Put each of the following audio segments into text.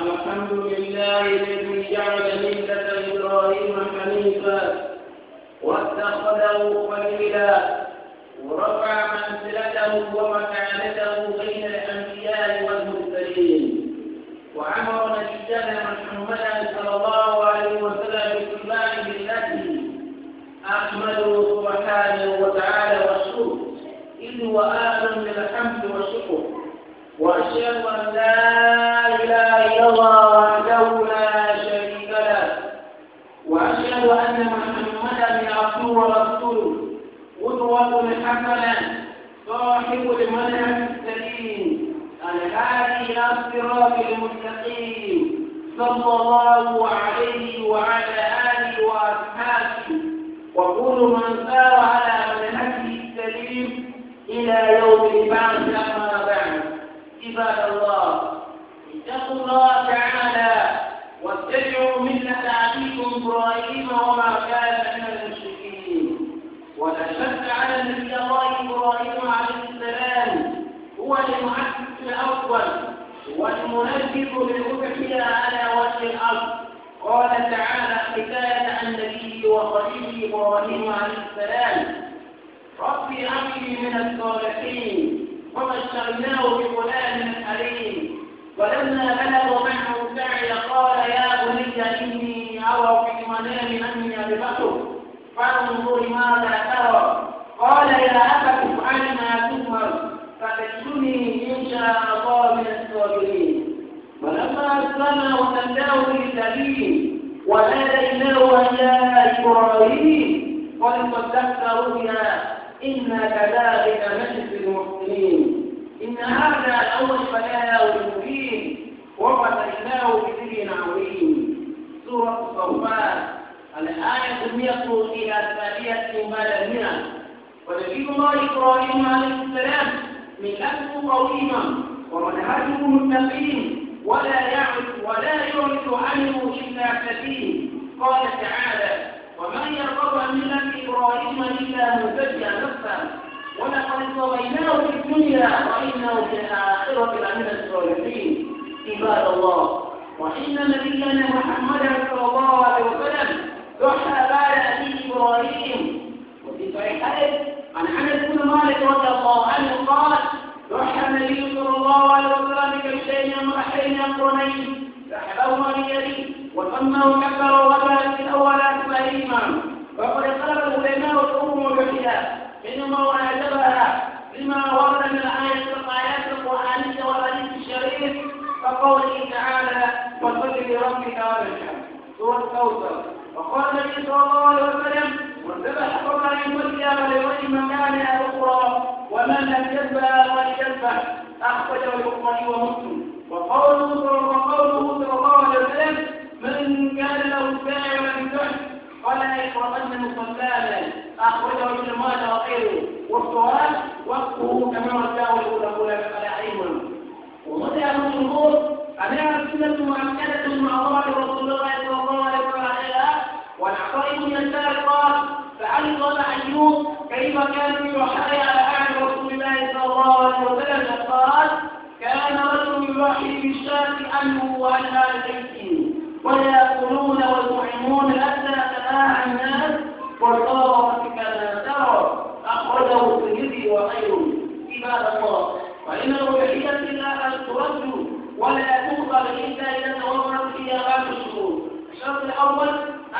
الحمد لله الذي جعل ملة إبراهيم حنيفا واتخذه خليلا ورفع منزلته ومكانته بين الأنبياء والمرسلين وعمر نبينا محمدا صلى الله عليه وسلم باتباع ملته أحمده سبحانه وتعالى رسول إذ هو آل من الحمد والشكر وأشهد أن لا إله إلا الله وحده لا شريك له وأشهد أن محمدا عبده ورسوله قدوة حسنة صاحب المنهج السليم الهادي إلى الصراط المستقيم صلى الله عليه وعلى آله وأصحابه وكل من سار على منهجه السليم إلى يوم البعث أما بعد عباد الله اتقوا الله تعالى واتبعوا ملة أبيكم إبراهيم وما كان من المشركين ولا شك على نبي الله إبراهيم عليه السلام هو المعزز الأول والمنجب للأضحية على وجه الأرض قال تعالى حكاية عن نبيه وخليله إبراهيم عليه السلام رب أمري من الصالحين وبشرناه بغلام حليم ولما بلغ معه السعي قال يا بني إني أرى في المنام أني أذبحك فانظر ماذا ترى قال يا أبت افعل ما تؤمر فتجدني إن شاء الله من الصابرين ولما أسلم وتلاه للسبيل وناديناه يا إبراهيم قد صدقت رؤيا إنا كذلك نجزي المحسنين إن هذا الأول فلا المبين وفتحناه بدين عظيم سورة الصفات الآية 100 إلى ثانية بعد المئة ونبي الله إبراهيم عليه السلام ملته قويما ومنهجه مستقيم ولا يعرف ولا يعرف عنه إلا كثير قال تعالى ومن يرغب ملة إبراهيم إلا مزكى نفسا ولقد صويناه في الدنيا وإنه في الآخرة لمن الصالحين عباد الله وإن نبينا محمدا صلى الله عليه وسلم دحى بعد أبي إبراهيم وفي صحيح عن أنس بن مالك رضي الله عنه قال دحى النبي صلى الله عليه وسلم بكبشين مرحين قرنين فحبهما بيده وسمه كبر وغفل في الاول اكبرهما وقد اختلف العلماء الامم كثيرا منهم من اعجبها لما ورد من الايات الايات القرانيه والحديث الشريف كقوله تعالى وصل لربك وارجع سوره الكوثر وقال النبي صلى الله عليه وسلم والذبح قبل ان يصلي ولوجه مكانها الاخرى ومن لم يذبح فليذبح أخرج البخاري ومسلم وقوله صلى الله عليه وسلم من كان له ساعة من تحت فلا يقربن مصلانا أخرجه ابن ماجه وغيره والصواب وقته كما رجعه الأولى فلا علم ومتى من الجمهور أنها سنة مؤكدة مع رسول الله صلى الله عليه وسلم عليها والعقائد من السابق قال فعلم أيوب كيف كان في على الله صلى الله عليه وسلم قال كان رجل يوحي بالشاة عنه وعن آل بيته ويأكلون ويطعمون حتى تناهى الناس وصار كما ترى أخرجه الترمذي وغيره عباد الله وإن الألوهية لا ترد ولا تقبل إلا إذا تورط فيها غاية الشروط الشرط الأول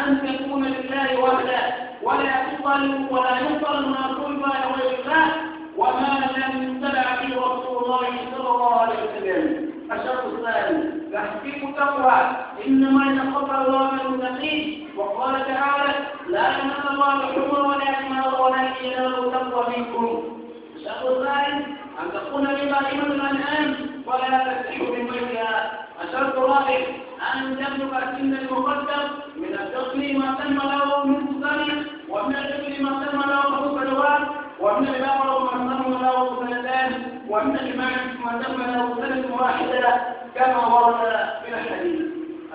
أن تكون لله وحده ولا يقبل ولا يقبل ما قرب لغير الله وما لم يبتلع به رسول الله صلى الله عليه وسلم الشرط الثاني تحقيق التقوى انما يتقبل الله من المتقين وقال تعالى لا ينال الله حكما ولا حمار ولا ينال تقوى منكم الشرط الثالث ان تكون بقائمه الانعام ولا تفتح من بيتها الشرط الرابع ان تملك السن المقدم من الدخل ما تم له من سنه ومن الدخل ما تم له خمس سنوات ومن الإمام له مسلم له سنتان ومن الإمام مسلم له سنة واحدة كما ورد في الحديث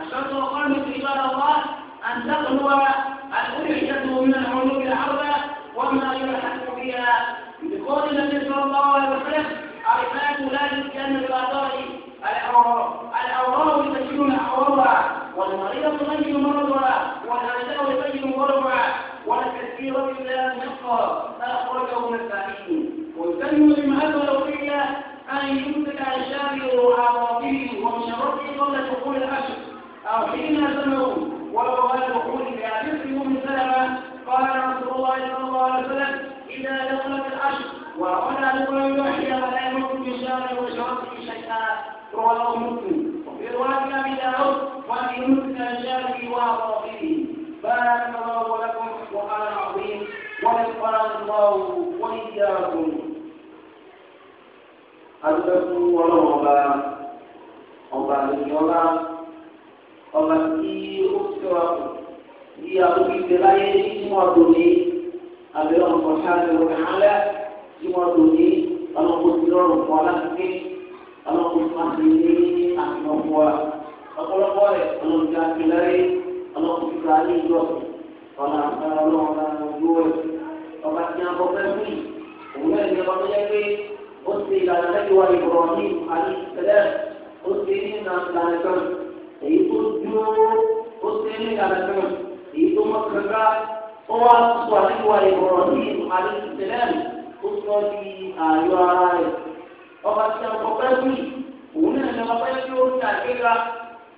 الشرط الخامس شاء الله أن تقلو الألحية من العلوم الأربع وما يلحق بها بقول النبي صلى الله عليه وسلم عرفات لا يتكلم بالأعضاء كان لا يملك بشار وشرط شيئا رواه مسلم وفي رواية أبي داود وأبي مسلم الشافعي وأبي بارك الله لكم وقال عظيم ونفعنا الله وإياكم adúgbò ọlọ́wọ́ ọba ọba àlejòọlá ọba tí ó sọ bí àdúgbò ìgbéláyé tí wọ́n dùn ní abẹ́rẹ́ ọ̀pọ̀ sáré ọ̀gá alẹ́ tí wọ́n dùn ní ọlọ́kùn ti lọ́rùn fún ọ láti ké ọlọ́kùn ti máa ti ní àtìmọ́ fún wa ọ̀pọ̀lọpọ̀ rẹ̀ ọlọ́kùn ti àti lẹ́rí ọlọ́kùn ti ka ní ìjọ ọ̀nà àgbàrá ọlọ́run náà ló dúró rẹ̀ ọba tí a bọ́ fẹ́ fún yìí òun náà ní ọba tó yẹ pé ó ti ìlànà lẹ́yìn wa ìbọ̀rọ̀ ní àti ìtẹ̀lẹ́ ó ti ní ìlànà kan èyí tó dúró ó ti ní ìlànà kan èyí tó mọ̀ kankan ó wá sọ àlejò wa ìbọ̀rọ̀ ní àti ìtẹ̀lẹ́ ó sọ di ààyò ara rẹ̀ ọba tí a kọ fẹ́ wí òun náà ni ọba tí ó ní àgbéga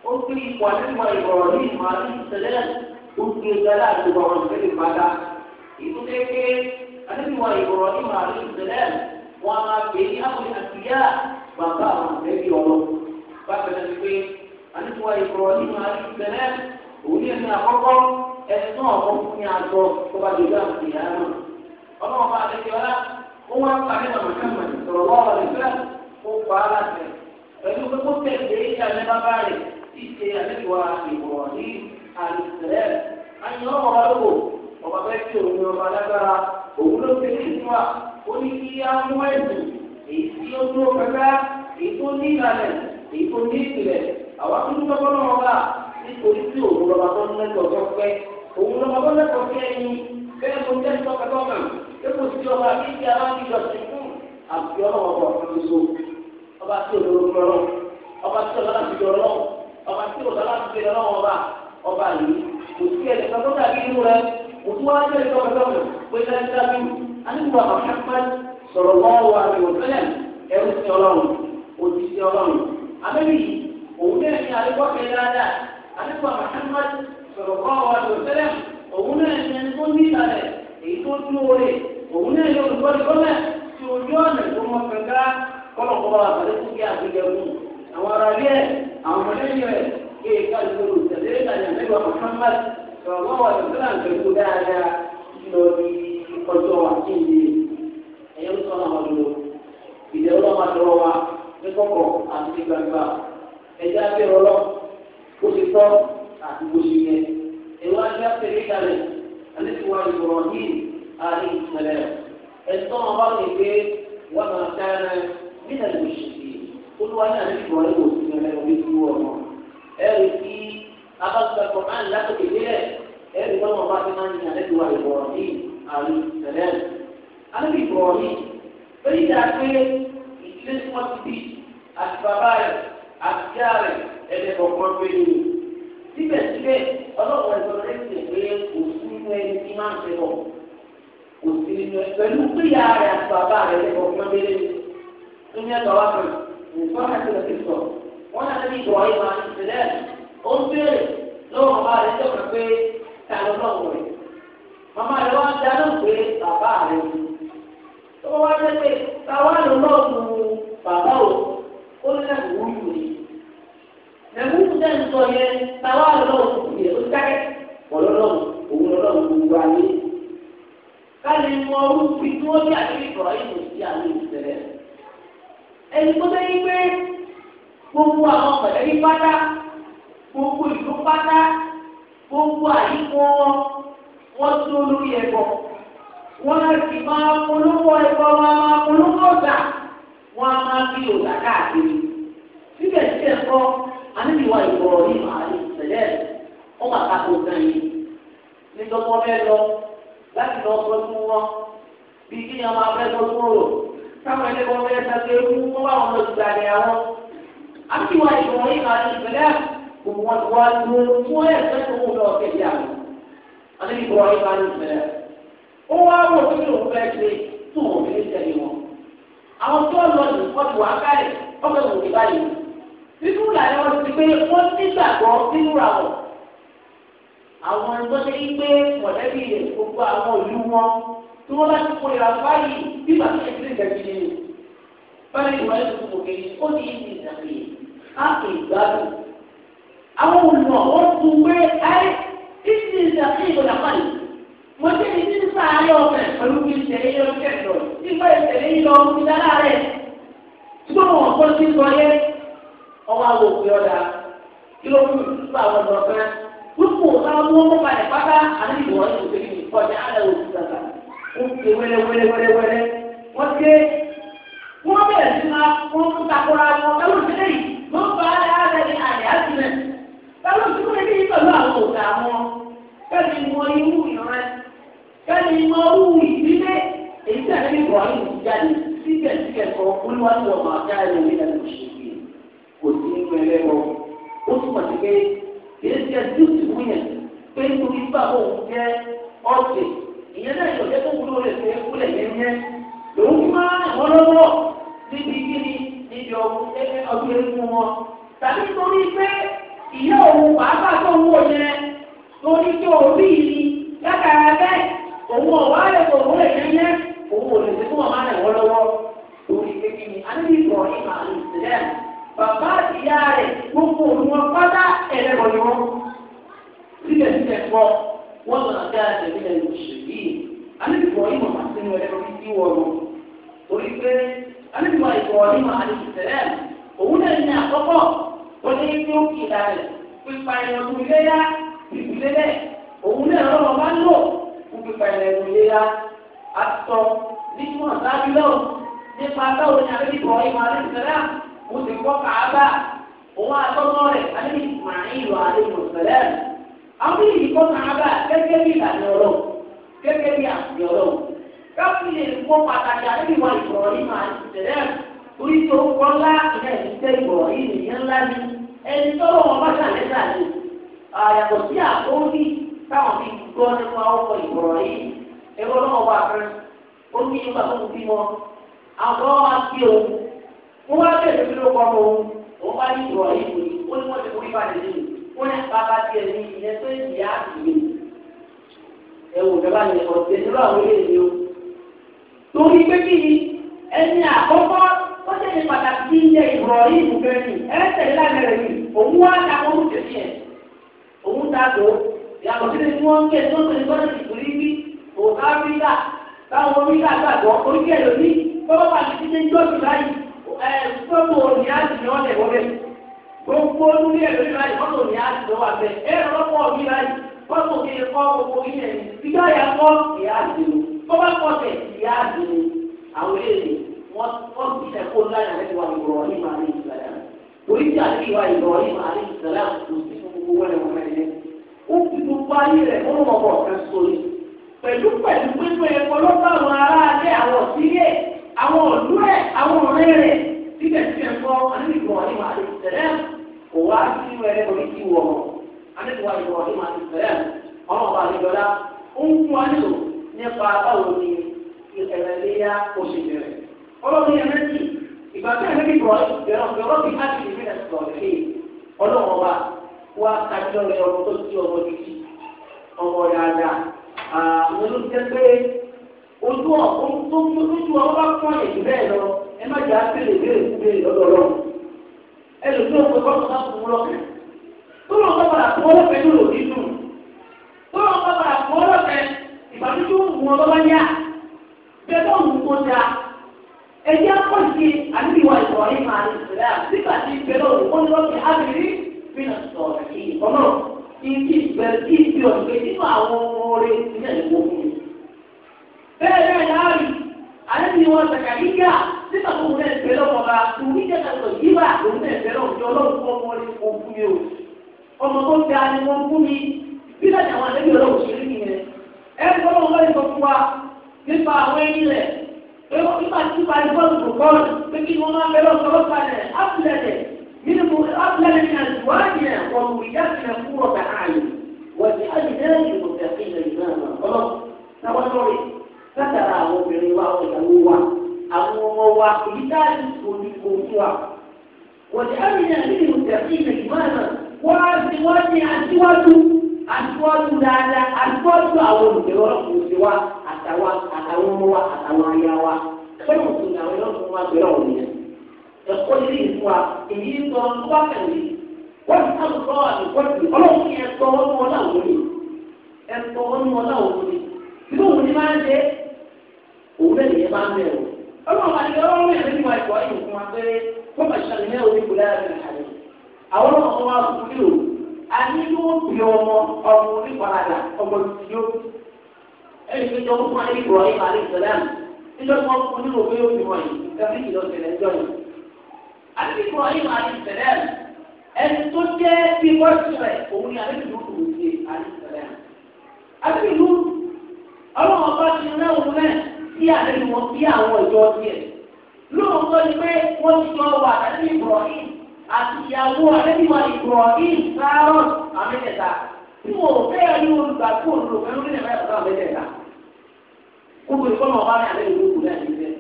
ó gbé ipò àdéhùn ìrọ̀rọ̀ ní ìmọ̀ àti ìṣẹ̀lẹ̀ ó gbé ga láti wọ ọ̀rọ̀ ìṣẹ̀lẹ̀ padà ìlú kéèké àdéhùn ìrọ̀rọ̀ ní ìmọ̀ àti ìṣẹ̀lẹ̀ wọn a máa pè é àwọn àtìyá bàbá àwọn ìbẹ́bí ọlọ bákan náà ti pé àdéhùn ìrọ̀rọ̀ ní ìmọ̀ àti ọlọ́wọ́ bá lẹ́kẹ́ ọlá ó wá ń parí ọ̀rọ̀ kẹ́mọ̀ sọ̀rọ̀ lọ́wọ́ rẹ̀ fẹ́ ó pa á láti pẹ̀lú pé kó tẹ̀lé ìyàlẹ́ bàbá rẹ̀ tí ṣe àlejò ìwọ̀ ní àlùsẹ̀lẹ̀ àyàn ọmọ wa lówó ọba bẹ́ẹ̀ tí òun ọba lágbára òun ló fi ní ìwà ó ní kí á mú ẹ̀dùn èyí tí ó dúró pẹ́pẹ́ èyí tó ní ìlànà èyí tó ní ìpìlẹ̀ àwọn tó ń tọ́kọ́ náà wà nítorí tí òun lọ́ba tó ń lẹ́tọ̀ọ́ tó òun lọ́ba tó lẹ́tọ̀ọ́ tó ẹyin bẹ́ẹ̀ tó ń tẹ́tọ́ pẹ́tọ́ mẹ́rin epo ti ọba akéde aláàbíyọ sẹkùn àbí ọlọ́wọ́ ọba ọ̀fọ̀lọ́sọ ọba tí o lọ́wọ́ lọ́wọ́ ọba tí o lọ́wọ́ láti yọ lọ́wọ́ ọba tí o lọ́wọ́ láti yọ lọ́wọ́ ọba ọba yìí kò sí ẹ̀ lẹ́ka tó dàbí inú rẹ kò tó wáyé ẹ̀ lọ́wọ́ lọ́wọ́ pé lẹ́yìn dábí anígbà Muhammad sọ̀rọ̀ lọ́wọ́ àdìwọ̀ fẹ́lẹ̀ ẹ̀rú ti ọlọ́run òjì ti ọlọ́run abẹ́bí òun náà ní alẹ́kọ̀ọ́kẹ́ dáadáa Muhammad sọ̀rọ̀ lọ́wọ́ àdìwọ̀ fẹ́lẹ̀ òun náà ní ẹni tó ní ìlànà èyí òun náà yọ olùkọ́lẹ̀ tí ojú ọ̀nà tó mọ kankan kọ́lọ̀kọ́lọ̀ àbẹ̀lẹ́sìn kí àgbẹ̀jẹ̀mú àwọn ará rí ẹ̀ àwọn ọmọdéyìn rẹ̀ kí ẹ̀ka ìṣòro tẹ̀lé ìlànà ìlú Muhammad sọ̀rọ̀ wà lọ́sọ̀rọ̀ àgbẹ̀kú dáadáa lọ bí ọjọ́ àtìndì ẹ̀yẹ́ ń sọ̀rọ̀ àwọn ọ̀dọ́ ìdẹ̀rọ̀ ọmọ àdọ́rọ̀ wa ní kọ̀kọ̀ àti gbangba ẹ̀jẹ̀ abẹ́rọ̀ lọ bó ti tọ́ àti bó ti yẹ ẹ̀wọ́n ajá tẹ̀lé kalẹ̀ عليه السلام الإسلام قال إيه وما كان من المشركين قل وأنا أمشي وأنا مسلم أنا أريد هو أريد أخذت القرآن لا تكفيه أريد أن الله كمان ينادي إبراهيم عليه السلام أنا إبراهيم فإذا كان ìdílé tí wọ́n ti bí àti bàbá rẹ̀ àti ìyá rẹ̀ ẹni kọ̀ọ̀kan pé ní. إيمان ọlọ́pàá kò sí nínú ẹ pẹ̀lú péyà rẹ̀ àti bàbá rẹ̀ lẹ́kọ̀ọ́ fún abẹ́lé Ní ní ẹgbàá wa kan, nǹkan láti lọ sí sọ. Wọ́n náà ní ìwà ìwà ìṣẹ̀lẹ̀. Ó ń béèrè lọ́wọ́ bàbá rẹ̀ jọ̀kan pé ta ló lọ́wọ́ rẹ̀. Màmá rẹ̀ wá dá pé bàbá rẹ̀ ni. Tó wá jẹ́ pé ta wá ló lọ́wọ́ bàbá o, ó ní láti wúlò ni. Nàìjíríà tẹ̀ ń sọ yẹn, ta wá lọ́wọ́ òkú yẹn, ó dákẹ́. Wọ́n lọ́wọ́ òun lọ́wọ́ gbogbo ayé. káàlì mọ orúkú tí wọ́n bí àti ìkọ̀rọ̀ yìí lò sí àwọn ìṣẹ̀lẹ̀. ẹni tó sẹ́yìn pé gbogbo àwọn pẹ̀lẹ́bí pátá gbogbo ìlú pátá gbogbo àyíkọ́ wọn wọ́n tún olórí ẹ̀kọ́ wọ́n á sì máa polówó ẹ̀kọ́ wọn á máa polówó ọ̀gá wọn á máa fi ọ̀gá káàkiri. síbẹ̀síbẹ̀ kọ́ yìí máa ṣẹlẹ̀ ọ̀gá gan yìí láti lọ bọ́jú wọn bí kí ni ọmọ abẹ́ bọ́jú wọn rò káwọn ẹni wọn bẹ́ẹ̀ sáré ewu wọn bá wọn lọ sí ìgbàlẹ̀ àwọn. àbíwá ìwọ̀n yìí máa ní ìpínlẹ̀ òun wọn wá ló fún ẹ̀ sẹ́kọ̀ọ́ wọn lọ kẹ̀kẹ́ àwọn. àti ìwọ̀n yìí máa ní ìpínlẹ̀. ó wá wọ̀ kí ló ń fẹ́ ṣe tó wọn fi tẹ̀lé wọn. àwọn tó lọ ní ọdún wa káyè ọgbẹ́ wò ní báyìí. nínú ìlànà wọn ti pé wọ́n nígbàgbọ́ nínú ràwọ̀ àwọn ẹgbẹ́ ṣe ń gbé mọ̀lẹ́bí rẹ̀ gbogbo àwọn òlú wọn tí wọ́n bá ti kó ìlà báyìí bí bàtí ẹ̀ ti gbẹ̀bí ni báyìí ìwà ẹ̀ tó kòkè ó ní ìdí ìdàgbé á kè ìgbádùn. àwọn olùmọ̀ wọ́n tún gbé ayé ìdí ìdàgbé ìgbọ̀dà pàdé mo ṣe ìdí sáàárẹ̀ ọ̀fẹ́ pẹ̀lú kí n tẹ̀lé yọ kẹ́lọ̀ nígbà ìtẹ̀lé yọ ìdára rẹ̀ ṣùgbọ́n wọn kọ́ sí sọ yẹ ọwọ́ àwọn òkè ọ̀dà kí ló kù nípa àwọn ọ̀dọ́ gbogbo ọ̀sán mú ọkọ̀ balẹ̀ pátá àti ìwọ̀n ní òkè ní ọjà àlẹ́ òkú gbàgbà ó ké wẹ́lẹ́ wẹ́lẹ́ wẹ́lẹ́ wẹ́lẹ́ wọ́n ké wọ́n bẹ̀rẹ̀ sí ma wọ́n tún takora wọn káló sílẹ̀ yìí ló ń ba alẹ́ alẹ́ ní alẹ́ àti mẹ́ káló sílẹ̀ yìí pẹ̀lú àwọn òkè àwọn kẹ́ni mọ irú ìran kẹ́ni mọ irú ìdílé èyí tí àti ìwọ̀n ní òkú jáde síkẹ̀síkẹ̀ kọ olúwa kìí ṣe ẹjú ti yẹn pé nítorí bá òun jẹ ọ̀sẹ̀ ìyẹn náà ìyọ̀jẹ́ tó wúlò rẹ̀ fẹ́ kúlẹ̀ yẹn yẹn lòun máa ń wọ́n lọ́wọ́ níbi kíni níbi ọdún eégún wọn tàbí torí pé ìyá òun pàápàá tó wú yẹn torí pé òbí yìí látara bẹ́ẹ̀ òun ọ̀wá rẹ̀ kò wúlò yẹn yẹn òun ò lè ṣe fún ọmọ rẹ̀ wọ́n lọ́wọ́ torí kíni alẹ́ ìgbọ̀n ìmọ̀ bàbá àti ìyá rẹ̀ gbogbo wọn pátá ẹlẹ́bọ̀ ni wọn. síbẹ̀síbẹ̀ kọ́ wọ́n lọ sí àtẹ̀lé ẹ̀ lọ́sẹ̀lẹ̀ yìí alẹ́bùbọ̀ yìí màmá sínú ẹ̀rọ títí wọ̀rọ̀ torí pé alẹ́bùbọ̀ ìbọ̀ yìí màmá alẹ́bùsẹ̀lẹ̀ òun náà ní àkọ́kọ́ ó ní kí ó kì í la rẹ̀ pípa ìrọ̀lú iléyà ìbílẹ̀ òun náà lọ́wọ́ bá lò fún pípa ìrọ̀lú iléyà àtọ̀ nígbà sáájú náà nípa òun ti kọ́ kàába òun àtọ́mọ́ rẹ̀ alẹ́bí ìsmaílù alẹ́bí ọ̀sẹ̀lẹ̀ àwọn yìí kọ́ kàába gẹ́gẹ́ bí ìlànà ọlọ́run gẹ́gẹ́ bí àti ọlọ́run káfíń lè kọ́ pàtàkì alẹ́bí wa ìbọ̀rọ̀ yìí máa ti tẹ̀lé orí tó kọ́ ńlá ìyá ìdíjẹ́ ìbọ̀rọ̀ yìí nìyẹn ńlá ni ẹni tọ́lọ́ wọn bá ṣàlẹ́sà ni àyàtọ̀ sí àkóónì táwọn fi gbọ́ nípa ọkọ̀ ìbọ̀rọ̀ wọ́n wá bẹ̀rẹ̀ sí lóko ọmọ òun òun wá ní ìrọ̀ yìí kò ní ó ní wọ́n ti kó ibà nìyí wọ́n ní bàbá tiẹ̀ ní ilẹ̀ tó ń yà á sì mí. ẹ wò bẹ́ẹ̀ bá yẹ kọ́ ṣe ní báwo lè ní o. torí pé kí ni ẹni àkọ́kọ́ ó ṣe ní pàtàkì kí ń jẹ ìrọ̀ yìí kò fẹ́ ni ẹ tẹ̀lé lánàá rẹ̀ yìí òun wá ta òun tẹ̀ sí ẹ̀ òun ta tó yàtọ̀ sí ni wọ́n kẹ́ tó ń tẹ̀lé gbọ́dọ̀ ìkùrí bí òun ká rí gbogbo òní àdìyàn ọ̀nà ẹ̀wọ́ bẹ́ẹ̀ gbogbo olúlé ẹ̀rọ wà bẹ́ẹ̀ ẹ̀rọ lọ́pọ̀ ọ̀bí láyé fọ́nà òní ẹ̀kọ́ gbogbo ilẹ̀ ní ìgbà yà kọ́ ìyá àdìyàn bọ́bá kọ́ tẹ̀ ìyá àdìyàn àwọn eléyìí wọ́n wọ́n ti ẹ̀kọ́ láyà lẹ́yìn wa Ibrahim alayhi salam orí ti àti ìwà Ibrahim alayhi salam kò sí gbogbo wọn mẹ́rin ó fi àwọn òlú ẹ̀ àwọn ọ̀rẹ́ rẹ̀ síbẹ̀síbẹ̀ kọ́ anílùkọ́ ìwà àdìsẹ̀lẹ̀ kò wá sí ẹ̀rẹ́ orí ti wọ̀ anílùkọ́ ìwà ìwà àdìsẹ̀lẹ̀ ọmọ ọba àdìjọlá ó ń fún wa nílò nípa báwo ni ìtẹ̀lẹ́lẹ́yà ó ṣe bẹ̀rẹ̀ ọlọ́run yẹn mẹ́tì ìgbà tí ẹ̀rẹ́ bíbọ̀ ìgbẹ̀rọ̀ bí láti ìlú ẹ̀ sọ̀rọ̀ sí ọlọ́run ọba wa kájọ́ rẹ̀ ọmọ tó ti ọmọ gidi ọmọ dáadáa àwọn olùjẹ́pẹ́ ojú ọ̀hún tó ń lójú ọ̀hún bá pọ́n èyí bẹ́ẹ̀ lọ ẹ má jà á tẹ̀lé béèrè fún béèrè lọ́dọ̀ lọ́wọ́ ẹlòmí ò pé bọ́ọ̀lù náà fún lọ́kẹ́ tó lọ́n bá padà fún ọlọ́fẹ́ ní òdì dùn tó lọ́n bá padà fún ọlọ́fẹ́ ìbànújẹ́ òun wọn lọ́wọ́ yá bẹ́ẹ̀ bá òun kó da ẹ̀yí akọ́sí àdúgbò ìwà yìí máa ń sọ̀rọ̀ nígbà tí ìgbẹ́ lọ́wọ́ ó ní lọ́kẹ́ ábìrí bí nà sọ̀rọ̀ kí ìkọ́nà kí ìgbẹ́ kí ìgbẹ́ ọ̀gbẹ́ nínú bẹ́ẹ̀ náà láàrin àlejò wọn sàkàlíyà nígbà tó wọn ẹ̀fẹ́ lọ́wọ́ bá torí jẹ́ka sọ yíwà òun ẹ̀fẹ́ lọ́wọ́ jọ ọlọ́run fún ọmọ rẹ̀ kò fún mi o ọmọ tó ga ni wọ́n fún mi bí láti àwọn àlejò ọlọ́run ṣe rí nìyẹn ẹ kọ́ lọ́wọ́ wọ́n lè sọ fún wa nípa àwọn ẹni rẹ̀ nípa tí wọ́n ti bọ́ọ̀lù kò bọ́ọ̀lù pé kí wọ́n máa bẹ látara àwọn obìnrin wa àwọn ìyàwó wa àwọn ọmọ wa èyí tá a lè fojú ojú wa. wọ́n ti ní àmì ìlú tẹ̀sí ilẹ̀ ìmọ̀ràn wọ́n á ti wọ́n ní aṣíwájú aṣíwájú dáadáa aṣíwájú àwọn olùdẹ̀rọ̀ ọ̀sẹ̀ wa àtàwọn ọmọ wa àtàwọn aya wa fẹ́ràn tó ní àwọn ọlọ́run wa bẹ̀rẹ̀ ọ̀hún yẹn. ẹ̀kọ́ ilé ìfọ̀ èyí sọ wákàlì wọ́n ti sábà sọ àdìgbọ́sì ọlọ́run yẹn sọ wọ́n mọ́ ọlá òun ni ẹ̀ sọ wọ́n mọ́ ọlá òun ni ìlú òun ni máa ń ṣe òun bẹ́ẹ̀ nìyẹn bá ń bẹ̀ wò. ọlọ́run àti ọlọ́run mẹ́rin ní wa ìkọ́ yìí fún wa pé fún màṣálì náà ó ní kò lára ní àlè. àwọn ọmọ wa kú kí o a ní ló ń bí ọmọ ọmọ oníparadà ọmọ ìdíyó. ẹnì kí jọ fún alẹ́ ìbọ̀ ayé alẹ́ ìsọ̀lẹ́m níjọ́ tí wọ́n fún nílò pé ó ti wọ̀nyí kẹfí ìlọ ẹni tó jẹ́ bí wọ́n ti rẹ̀ òun ni alẹ́ ìlú kò ṣe alẹ́ ìsọ̀lẹ́m. alẹ́ ìlú ọlọ́run ọba ti rẹ́ òun náà bí àlejò wọn bí àwọn ìjọ tiẹ̀. lóòótọ́ ni pé wọ́n ti jọ wà lẹ́nu Ibrahim àti ìyàwó àlejò Ibrahim sáárọ̀ àmẹ́tẹ̀ta tí wọn ò fẹ́ ẹni olùgbàgbọ́ olùgbàgbọ́ lórí ẹ̀rọ ẹ̀rọ àmẹ́tẹ̀ta. kókò ìkọ́nà ọba ní àlejò ló kù lẹ́yìn ìfẹ́.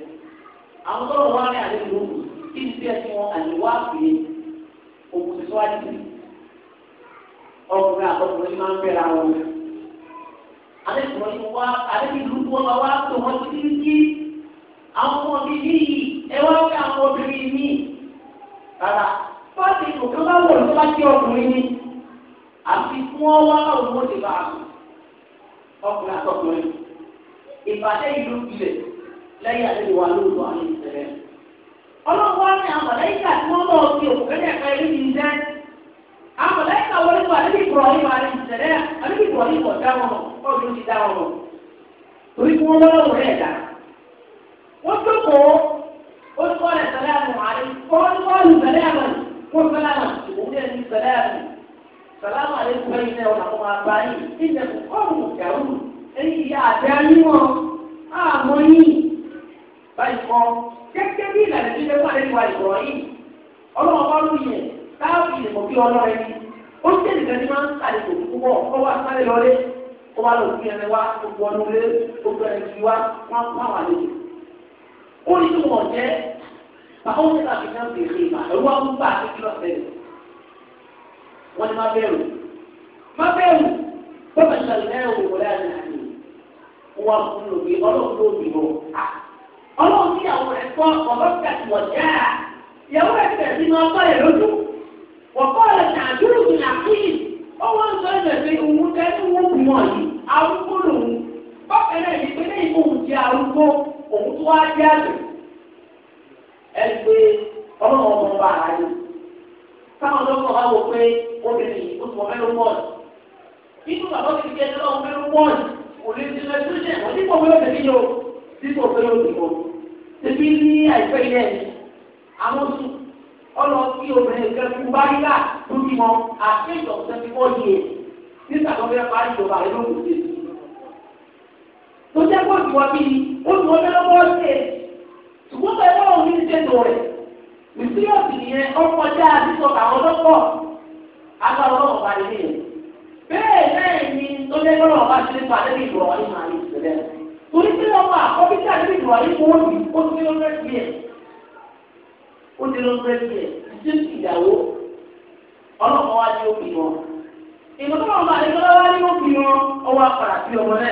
àwọn tó wà ní àlejò ló kù kí n tẹ́ fún àlewà pé òkùnrin tó wá jù ọkùnrin àtọkùnrin máa ń fẹ́ra wọn. àlejò wọn ni wá àlejò ìlú wọn bá tó wọn wá mi bá bá ni fún wá bá a ọkùnrin àtọkùnrin ìbàdé ìlú ilẹ̀ lẹ́yìn àlejò wa ló lọ àwọn ìṣẹ̀lẹ̀ ọlọ́wọ́ ní àmọ̀lẹ́yìká tí wọ́n lọ́ọ́ fi òkú kẹ́kẹ́ ẹ̀ka ẹ̀rí yìí jẹ́ àmọ̀lẹ́yìká wọlé wà níbi yìí ale ọdún ti dá wọn lọ torí kí wọ́n lọ́wọ́ rẹ̀ dá. wọ́n jókòó olùkọ́ rẹ̀ sẹ́lẹ̀ àmọ̀ àrí olùkọ́ rẹ̀ sẹ́lẹ̀ àmọ̀ kó sẹ́lẹ̀ àmọ̀ ìwọ́n rẹ̀ ní sẹ́lẹ̀ àmọ̀ sàlámù àlékún ẹ̀yin náà wọn àwọn àgbà yìí ìjẹ̀kùn kọ́ọ̀mù kẹrù ẹ̀yìn ìyá àbẹ́ aníwọ̀n àmọ́ yìí báyìí kọ́ gẹ́gẹ́ bí ìlànà tí lẹ́kọ́ àlejò àìsàn yìí ọlọ́run ó wá lòdì ẹni wá gbogbo ọdún lé gbogbo ẹni tí wá wọn wọn wà lẹ́yìn. ó ní kí wọn jẹ bàbá wọn nígbà fìdá bèrè ìgbà ẹrú wọn ń gbà kékeré ọ̀sẹ̀ rẹ̀ wọn ni má bẹ̀rù má bẹ̀rù bàbá ìṣàlẹ̀ náà wò wọlé àná àná wọn wá fún lòdì ọlọ́run ló bì bọ̀ ọlọ́run tí àwọn rẹ̀ kọ́ ọ̀rọ̀ kẹ̀kọ́ já ìyàwó rẹ̀ tẹ̀ sí máa bá ẹ̀ lójú wọ́n kọ́ tàdúrù ní àkúyì ó wọ́n sọ ẹ̀jẹ̀ arúgbó lòun bákan náà ní pé lẹ́yìn kó òun jẹ arúgbó òun tó wá jẹ àlè ẹ pé ọlọ́run ọmọ ọba àlè táwọn ọlọ́run ọba wò pé obìnrin oṣù mẹ́rin mọ́ọ̀lù inú bàbá ti jẹ́ ọlọ́run mẹ́rin mọ́ọ̀lù kò lè ti lọ sí ṣẹ̀ wọ́n nípa òwe ọ̀sẹ̀ nílò dípò pé ó dìbò tẹ̀bí ní àìpẹ́ ilé ẹ̀ àwọn oṣù ọlọ́ọ̀kí obìnrin kẹfù bá rí là lórí wọn àti ìjọba tẹ̀síwọ́n yìí nígbà tó fẹ́ parí ìjọba rẹ lókùnrin jẹ́ kó ti wá bí ó ti wọ́n lọ́wọ́ ṣe ṣùgbọ́n bẹ́ẹ̀ lọ́wọ́ mi ti tètò rẹ̀ ìsíyọ̀sì nìyẹn ọkọ̀ já àdìsọ àwọn lọ́pọ̀ àgbà ọlọ́wọ́ bá lè yẹn bẹ́ẹ̀ náà ni tó lé lọ́wọ́ bá ti lè pa lẹ́yìn ìlú ọ̀hún ìmọ̀ àyè ìṣẹ̀lẹ̀ torí pé ọmọ àkọ́bí tí a ti lè wáyé kó wọ́n ti ó ti lọ́wọ́ rẹ̀ tiẹ̀ ó ti lọ́wọ́ rẹ̀ tiẹ̀ ti ti ìyàwó ọlọ́wọ́ wá ní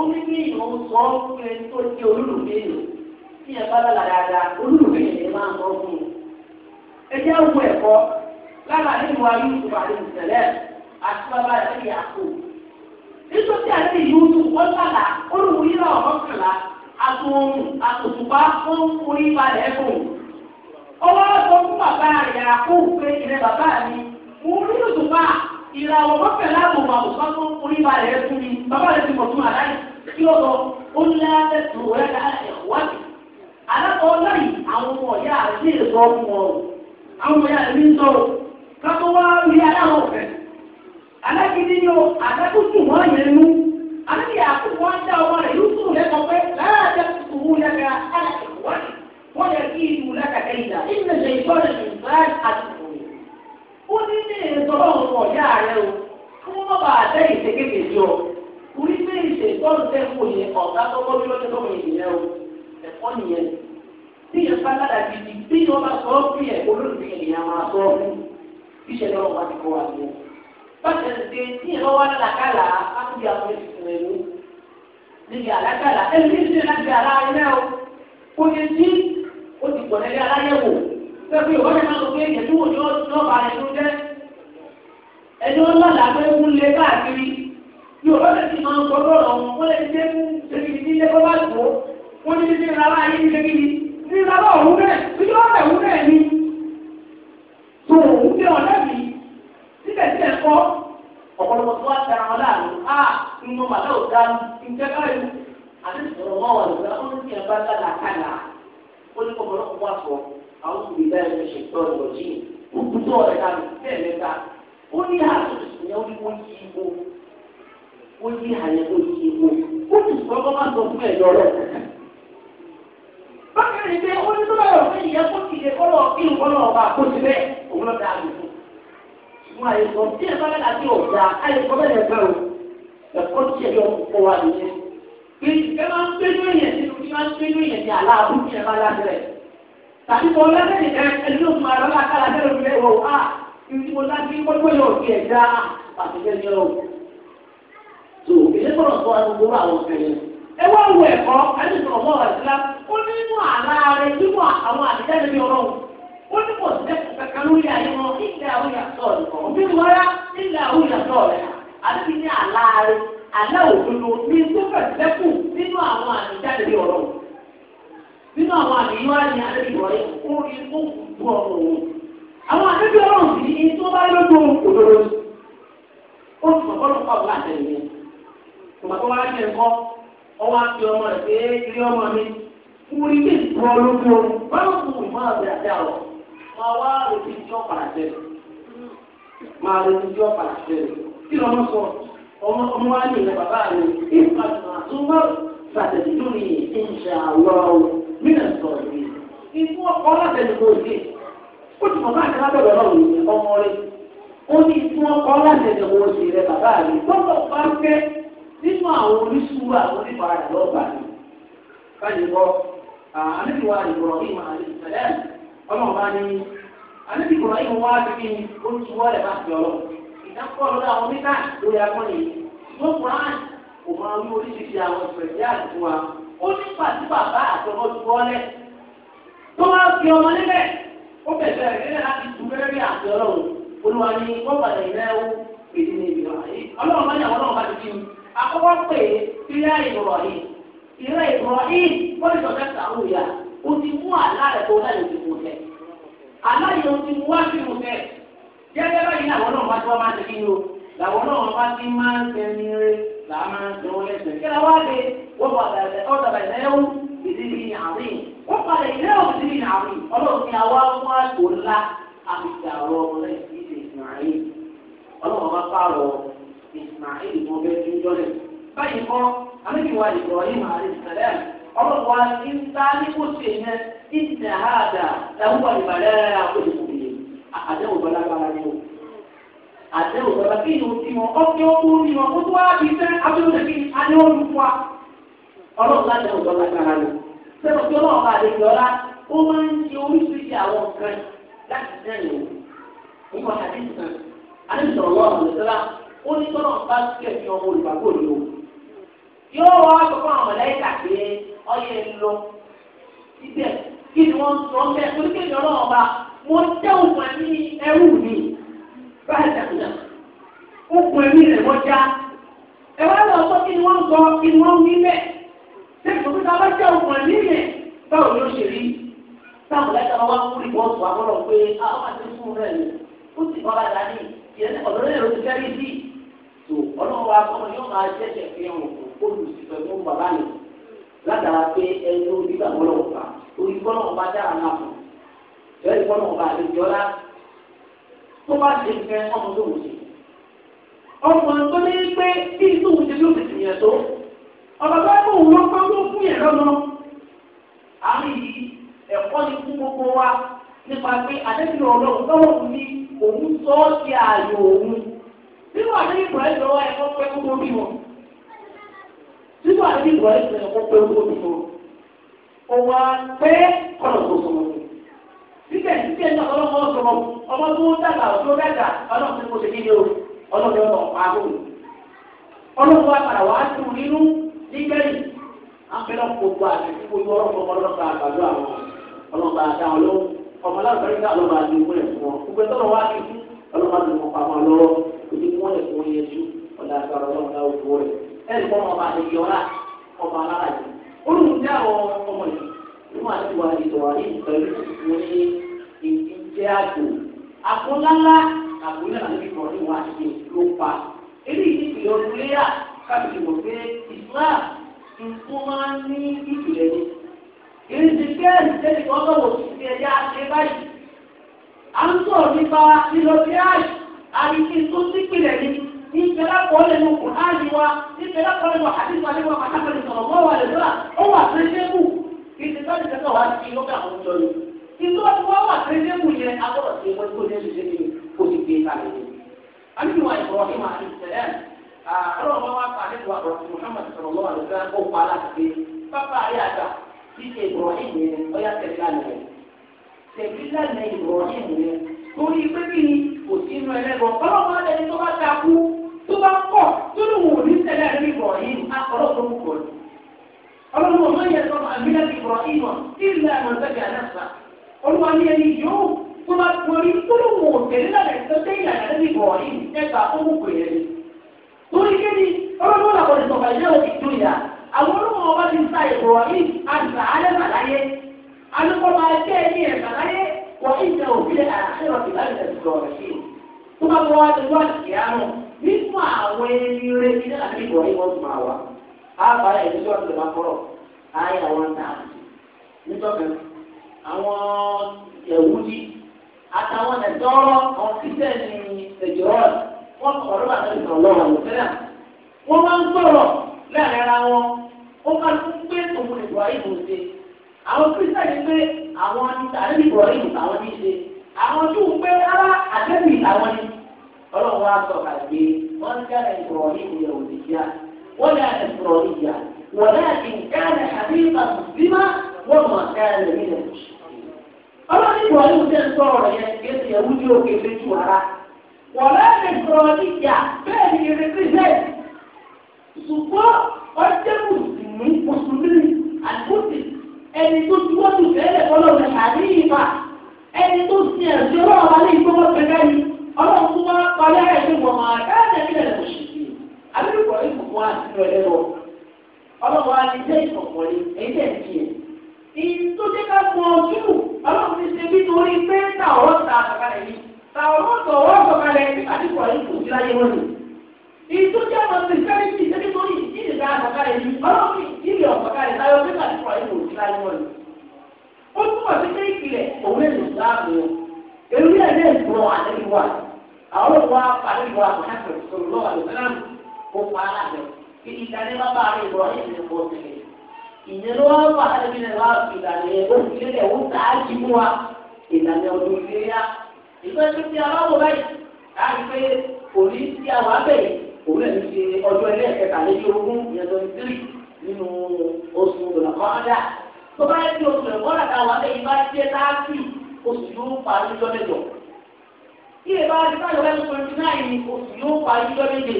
ó ní kí ìyàn sọ ọ́ fún ẹni tó jẹ́ olólùfẹ́ yìí tí ẹ bá lára dáadáa olólùfẹ́ yìí máa ń sọ fún un. ẹ jẹ́ òun ẹ̀kọ́ lára nínú ayé ìtura àti ìṣẹ̀lẹ̀ àti bàbá rẹ̀ ní àpò. nítorí àti ìlú tó wọ́n sàlà olùwòye náà ọ̀kọ̀kànlá àtòhùn àtòtùpá ó ń forí balẹ̀ fún un. ọwọ́ sọ fún bàbá rẹ̀ àpò pé ilẹ̀ bàbá mi mo rí òtùpá ìlà ọ̀kọ̀kànlá àtòhùn àtòtùpá tó ń forí balẹ̀ fún mi bàbá rẹ̀ ti mọ̀ fún àdáyé kí ló sọ ó ní lábẹ́ tó rẹ̀ ká ẹ̀wádìí alákọ̀ọ́ láyìí àwọn ọmọ ìyá àti èso ọmọ ọ̀rọ̀ àwọn ọmọ ìyá àti ń sọ̀rọ̀ káfó wá rí aláwọ̀ fẹ́ alágídí ni ó àdákùtù wọn yẹn nú alágídí àkùkù wọn dá ọmọ rẹ̀ yóò tún lẹ́kọ̀ọ́ pé láàjẹ́ kùkù lẹ́kà ẹ̀wádìí wọ́n yẹ kí ìlú lẹ́kà kẹ́yìndà ìgbésẹ̀ ìgbọ́ ó ní ní ìsọ̀rọ̀ ọ̀rọ̀ ọ̀yá rẹ o kí wọ́n má bàa dẹ́ ìṣègbèsè sí ọ torí pé ìṣètọ́nù tẹ́kù yẹn ọ̀gá tọ́kọ́ bí lọ́jọ́ tọ́kọ̀ ìyẹn o ẹ̀kọ́ nìyẹn bí yẹn bá dára gidi bí yẹn bá sọ fún yẹn olóògbé ènìyàn máa sọ fún bí ṣe lọ́wọ́ wá ti kọ́ wa lọ. báṣẹ̀ ṣe tí yẹn bá wá làkàlà á ti yà fún ìsìn ẹ̀mú níbi àlákàlà ẹ̀mí ṣe láti àlá ilé o kò ní sí o ti gbọ̀nẹ́lẹ́ aláyẹ̀wò pẹ̀lú ìwọ́n ní máa sọ pé ẹ̀dínwó ni ó bá ẹ̀dún jẹ́ ẹ̀dún ọlọ́lá pé ń lé káàkiri Yorùbá lè ti máa ń sọ lọ́rọ̀ wọn, wọ́n lè ti dé mú ṣẹ́gidi ní ilé kọ́ bá tó. Wọ́n ní ní ìrara yín ní ṣẹ́gidi. Ní ìrara òun náà, ojú ọ̀rẹ́ òun náà ni. Tó òun gbé ọ̀nà mi. Síbẹ̀síbẹ̀ kọ́ ọ̀pọ̀lọpọ̀ tó wá ti ara wọn láàánú. À ń mọ màdá ò dá ǹjẹ́ báyìí. Àti sọ̀rọ̀ wọn wà lọ́wọ́ ó ní ìyẹn bá dára kálá. Ó ní ọ̀pọ̀lọpọ̀ wà sọ àwọn ìgbésẹ̀ ìṣètò ìrọ̀jì. Ó kú tó ọ̀rẹ́ ta mi bẹ́ẹ̀ mẹ́ta. Ó ní àtúntò ìyẹn ó ní wọ́n yí ipò ó yí àyẹ̀ tó ti wò ó sì sọ bọ́ máa sọ fún ẹ̀dọ́ rẹ̀. bákan ní pé ó ní tó báyọ̀ fún ìyá tó ti lè kọ́lọ̀ kí n kọ́lọ̀ ọba kó ti bẹ́ẹ̀ òun lọ́ọ́ da àgbẹ̀ fún. ṣùgbọ́n àyè sọ bí ẹ̀ka bẹ́ẹ̀ láti ọ̀dà àyè sọ bẹ́ẹ̀ lẹ́gbẹ̀ẹ́ o ẹ̀kọ́ tí ẹ̀yọ kọ́ wa nìyẹn. pé ẹ máa ń gbénú èèyàn nínú bí máa ń gbénú èèyàn ní àlá àbúkí tàbí mo lẹ́sẹ̀ nìkan ẹni tó máa lọ́lá kára lẹ́rù mi lẹ́wọ̀ á ah, mo lábí wọ́n tó yọ̀ ọ̀gbìn ẹ̀dá àtẹ̀jẹ́ ni ọ̀gbìn èyí sọ̀rọ̀ tó wà gbogbo àwọn obìnrin. ẹ wá wo ẹ̀kọ́ àdìsọ̀ ọmọ rẹ̀ sílá ó ní nínú àlá rẹ̀ nínú àwọn àdìjáde bí ọlọ́run ó ní kò sílẹ̀ kankan lórí ayé wọn ilẹ̀ àwọn yàtọ̀ ọ̀dùnkọ̀ òbí wọlá ilẹ̀ àwọn yàtọ̀ ọ̀dà àti ní àlá rẹ̀ àlá òdodo ní tó fẹ̀sẹ̀ kù nínú àwọn àdìjáde bí ọlọ́run nínú àwọn àdìyọ́ àdìyàn àdìyàn rẹ̀ ó rí ó kù àwọn àdébí ọlọ́run sì ní tó bá lójú òdodo ó sọ fọlọ́pàá ọ̀gá àtẹ̀yìn tòmátò wá ní ẹ̀kọ́ ọwọ́ àti ọmọ rẹ̀ pé ilé ọmọ mi fún ilé ìtura olóko báwo kò wù máa bẹ̀rẹ̀ àti àwọ̀ máa wá òbí tí ó padà jẹ máa lè tí ó padà jẹ kí ni ọmọ sọ ọmọ ọmọ wa ní ilẹ̀ bàbá rẹ̀ ìfà tó má sàtẹ̀jì lórí ìṣe àlọ́ mínà sọ̀rọ̀ yìí ikú ọkọ̀ látẹ̀jì kò sí ó ti mọ̀ máa kẹ́lá bẹ̀rẹ̀ lọ́rùn ọmọ rẹ̀ ó ní ikú ọkọ̀ látẹ̀jì kò sí rẹ̀ bàbá rẹ̀ gbọ́dọ̀ nínú àwọn oníṣòwò oníbàárà lọ́gbà ni báyìí kọ́ àníbíwá ìmọ̀ àlejò ọlọ́run bá ní àníbíwá ìmọ̀ wá sí ní oníṣòwòlẹ̀ bá ti ọlọ́ ìdákọ́ lọ́dọ̀ àwọn mítà lórí akọ́ni wọ́n kúrò kò máa ń oríṣiríṣi àwọn ìpẹ̀lẹ́ àdúgbò wa ó ní pàtí bàbá tó fi ọmọ níbẹ̀ ó bẹ̀rẹ̀ nílẹ̀ láti tu àti ọlọ́run ni wọ́n èdè ní ọlọ́run àkọ́kọ́ pé ìrẹ́ ìrọ̀ yìí ìrẹ́ ìrọ̀ yìí wọ́n ti sọ̀tẹ́ sàrú ìyá o ti mú àlá rẹ̀ tó láyé ti mú tẹ̀ àlá yìí o ti mú wá sí mú tẹ̀ jẹ́jẹ́ báyìí làwọn náà wá tí wọ́n máa ti kíni o làwọn náà wá sí máa ń tẹ ní eré làá máa ń tẹ wọ́n lẹ́sẹ̀ kí la wá lè wọ́n bọ̀ àgbàdo ọ̀dà bàtẹ́ ẹ̀wù ìdílé àárín wọ́n padà ilé ọ̀hún ìdílé àárín ọlọ́run ni àwa wá kò ńlá àbíkà ọ̀rọ̀ ọ̀rẹ́ ìsìmáìl ni wọ́n bẹ́ẹ̀ dúró lẹ̀. báyìí kọ́ amẹ́kìwá ìbọ̀rọ̀yìn àti ìsàlẹ̀ ọlọ́wọ́ ti ń ta ní kó ṣe yẹn ìsìn àhàdà ẹ̀wọ́ ìbàlẹ̀ àkójọ àdéhùn balagbara ni o àdéhùn balagbara kí ni o ti mọ ọkẹ ọkọ ni wọn kó tó wá bí kí aníwọ̀n tí ọlọ́run bá lè yọra ó máa ń ṣe oríṣiríṣi àwọn nǹkan láti dẹ́nu o nípa àdéhùn kan àdéhùn sọ̀rọ̀ lọ́wọ́ àwọn ọ̀dọ́dọ́lá ó ní tọ́nà bá sílẹ̀ fi ọmọ olùgbàgbọ́ yìí o yóò wá sọ fún àwọn mọ̀lẹ́kà pé ọyẹ ń lọ síbẹ̀ kí ni wọ́n sọ ń bẹ́ torí kí ni ọlọ́wọ́ bá mo jẹ́ òkun ẹ̀mí ẹrú mi báyìí dàgbà òkun ẹ̀mí rẹ̀ wọ́n já ẹ wá lọ sọ kí ni wọ́n sọ kí ni wọ́n wí bẹ́ẹ̀ ṣé ìgbòkú ta bá jẹ́ òkun ẹ̀mí rẹ̀ báwo ni ó ṣe rí táwọn mọ̀lẹ́kà wá kúrì bọ́ọ̀sù àbọ̀lọ̀ pé àwọn ah, àti fún rẹ̀ ó sì bọ́ bá dání ìyẹn ọ̀dọ́ tó ọlọ́wọ́ akọ́nà yóò máa ṣẹ̀ṣẹ̀ fi hàn olùsìfẹ́ fún bàbá látara pé ẹni orí pa orí gbọ́nà ọba dára náà fún ìjọ́rí gbọ́nà ọba àlejò ọlá tó bá ṣe fẹ́ ọmọ tó ọmọ tó ní pé ti tó kó fún yẹn lọ́nà. àmì ẹ̀kọ́ nínú àdébí ìbùrẹ́sì lọ́wọ́ ẹ̀kọ́ pé kókó bí wọn nínú àdébí ìbùrẹ́sì ẹ̀kọ́ pé kókó bí wọn ọwọ́ pé kọ́nà tó sọ̀rọ̀ síbẹ̀ síbẹ̀ náà ọlọ́mọ sọ̀rọ̀ ọmọ tó ń dàgbà tó dàgbà ọlọ́mọ tó ṣe kíni o ọlọ́mọ tó ń bọ̀ pa á ọlọ́mọ apàdà wàá tù nínú nígbẹ̀yìn afẹ́lẹ́ gbogbo àti gbogbo ọlọ́mọ ọlọ́mọ àgbàdo àwọn ọlọ́mọ àdá ọlọ́mọ ọmọ alábẹ́rẹ́ òní wọn lè fún yẹn ju ọ̀dà àgbàrá ọlọ́run náà wò rẹ̀ ẹnì kan ọba àdéyọra ọba alára yìí olùdíjà àwọn ọmọ yìí wọn àti wà ìtọ̀wá yìí pẹ̀lú wọn ní ìdíjẹ́ àgbò àpòlálá àpòlẹ́ àti ìkọ̀rí wọn àti ló pa eléyìí ìpìlẹ̀ ọdún léyà kábíyì wọ̀ pé Islam nǹkan máa ń ní ìpìlẹ̀ ni èyí ti gbé ẹ̀sìn tẹ́lẹ̀ kọ́ lọ́wọ́ sí ẹ̀yà àti báyìí à ń sọ̀rọ̀ nípa lílọ àyè àríkí tó sípìlẹ̀ ni nífẹ̀ẹ́ lápọ̀ọ́lẹ̀ ní okùn áàyè wa nífẹ̀ẹ́ lápọ̀ọ́lẹ̀ wà àdìsọ àdìsọ àmàkàkọ̀lẹ̀ sọ̀rọ̀ mọ́ wa lẹ́dọ́là ó wà pẹ́ẹ́sẹ́kù kì í ti sọ́ọ́dì kẹ́kọ̀ọ́ wá sí lọ́kẹ́ àwọn ọjọ́ yìí ìlú ọdún wa wà pẹ́ẹ́sẹ́kù yẹn agbọ́dọ̀ sí wọn kó lẹ́nu ṣe kí kó ti gbé kalẹ̀ yẹn. àbíkú wa ìbọ̀wọ̀ kí wọ́n á ti tẹ̀lé àárọ̀ wọn wá pàdé wa ọ̀rọ̀ Muhammad sọ̀rọ̀ lọ́wọ́ àdúrà kó pa láti pápá ayé àgbà tí ìbọ̀wọ̀ ìbọ̀wọ̀ yẹn ọ̀yà tẹ̀lé lánàá yẹn tẹ̀lé lánàá ìbọ̀wọ̀ torí pé kí ni kò sí inú ẹlẹ́gbọ̀n ọlọ́run máa tẹ̀lé tó bá takú tó bá kọ̀ tó ní wò ní tẹ̀lé àdébí Ibrahim akọlọ́tò ń kọ̀ ní. ọlọ́run ọmọ yẹn sọ ma àmì láti Ibrahim ìlà àmọ̀tẹ́gà náà olúwa ní ẹni yóò tó bá torí tó ní wò tẹ̀lé àdébí Ibrahim ẹgbà ó mú pè é torí kí ni ọlọ́run làwọn ìsọ̀kà وإنه في الآخرة لمن الصالحين ثم قال الوحيان مما ويريد أن يكون وما هو هذا يسوع البقرة آية 190 nítorí àwọn ẹ̀wúdí àtàwọn ẹ̀dọ́rọ̀ àwọn kìtẹ́ẹ̀nì ẹ̀jọ̀rọ̀ wọn kọ̀ ló bàtà ìtàn lọ́wọ́ àwọn òṣèlú wọn máa ń sọ̀rọ̀ láàrin ara wọn wọn máa ń gbé òun ìwà ìbò ṣe àwọn kìtẹ́ẹ̀nì pé àwọn ní àlẹ́bí ìbọ̀rẹ́yìn àwọn ní ṣe àwọn tó ń pẹ́ rárá àlẹ́bí àwọn ní. ọlọ́run wá sọ kàgbé wọ́n ń dára ìbọ̀rẹ́yìn yẹ̀ òdì yá wọ́n dá ìbọ̀rẹ́yìn yá wọ́n dá ìkáàlẹ̀ àbíyípa mùsùlùmá wọ́n mọ̀ káàlẹ̀ nílẹ̀ ọlọ́run ìbọ̀rẹ́yìn tẹ̀ sọ̀rọ̀ yẹn kéde ẹ̀wú ẹni tó ti wọ́n ti fẹ́lẹ̀ fọlọ́run ẹ̀ àbí ìfà ẹni tó ti ẹ̀sìn ọlọ́run wa ní ìgbọ́wọ́ pẹ̀lẹ́ ni ọlọ́run tó wá parí ara ẹ̀sìn wọn máa ká ẹ̀sìn kílẹ̀ lọ sí i àbí kò rí kòkó àti ìrọ̀lẹ́ lọ ọlọ́run wa ní jẹ́ ìkọ̀kọ̀ ni èyí tẹ̀ sí ẹ̀ ìtò tí ká mọ ojú ọlọ́run ti ṣe bí torí pé ta ọ̀rọ̀ ta àtọ̀kalẹ̀ ìtújẹ́ wọn ti fẹ́ ní ìdílé nítorí ìdílé náà àgbàkà rẹ̀ ní ọlọ́run ìdílé ọ̀gbàkà rẹ̀ táyọ̀ nígbà tí wọ́n yóò ti láyé wọn. ó túbọ̀ sí pé ìpìlẹ̀ òun èlò láàbù wọn. èlú yẹn lè gbọ́ àlejò wa àwọn òkú wa pàdé wa àkàtọ̀ sọ̀rọ̀ lọ́wọ́ àlejò náà kó pa á lọ. kí ìdáni bá bá rẹ̀ bọ̀ ẹ̀ ṣe bọ̀ ìyẹn ló wá wà á jí ìgbésí ti aláwọ̀ báyìí láti pé òní àwọn abẹ́yìí òun náà ti ṣe ọjọ́ ilé ẹ̀kẹta lé lógún ìyẹn tó ní tírì nínú oṣù lọ́kọ́dá tó bá yẹ kí oṣù lọ́kọ́dá ta wà lẹ́yìn bá jẹ́ táàkì oṣù yóò parí lọ mẹ́jọ. kí lè bá a ti báyọ̀ lẹ́nu twenty nine oṣù yóò parí lọ méje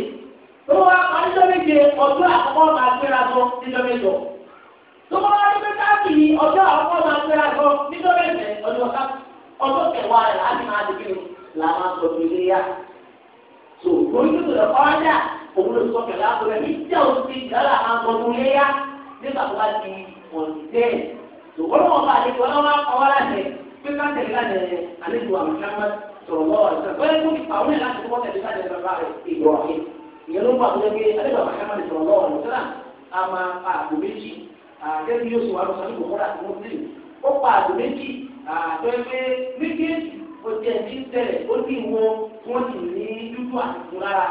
tó wá parí lọ méje ọjọ́ àkọ́kọ́ máa gbéra lọ níjọ mẹ́jọ. tó bá wá ní pé táàkì ni ọjọ́ àkọ́kọ́ máa gbéra lọ níjọ mẹ́jọ ọjọ́ kẹwàá rẹ̀ láti máa dé onídùúgbò lọ ọ̀dà òun ló sọ pẹ̀lú àkọlẹ̀ níjà òsì ìdára àwọn ọdún léyà nígbà tó bá di ọ̀dẹ́ ṣùgbọ́n wọn bá àlejò ọlọ́wọ́ ọwọ́ láti pé ká tẹ̀lé láti àlejò àwọn ìṣàmọ́ sọ̀rọ̀ lọ́wọ́ ìṣàkóyè fún ìpàwọn ẹ̀ láti wọ́n tẹ̀lé láti bàbá rẹ̀ ìgbọ̀ ọ̀hìn ìyẹn ló ń bá àlejò àlejò àwọn ìṣàmọ́ sọ̀rọ̀ lọ́wọ́ ìṣàlá àmà àgbò méjì àgẹ́bí yóò sọ àwọn ìṣàlùkò kọ́ra àti mọ́tìlì ó pa àgbò méjì àtọ́ ẹgbẹ́ méjèèjì ó jẹ́ ní tẹ̀lẹ̀ ó sì wọ wọ́n sì ní dúdú àtìkú rárá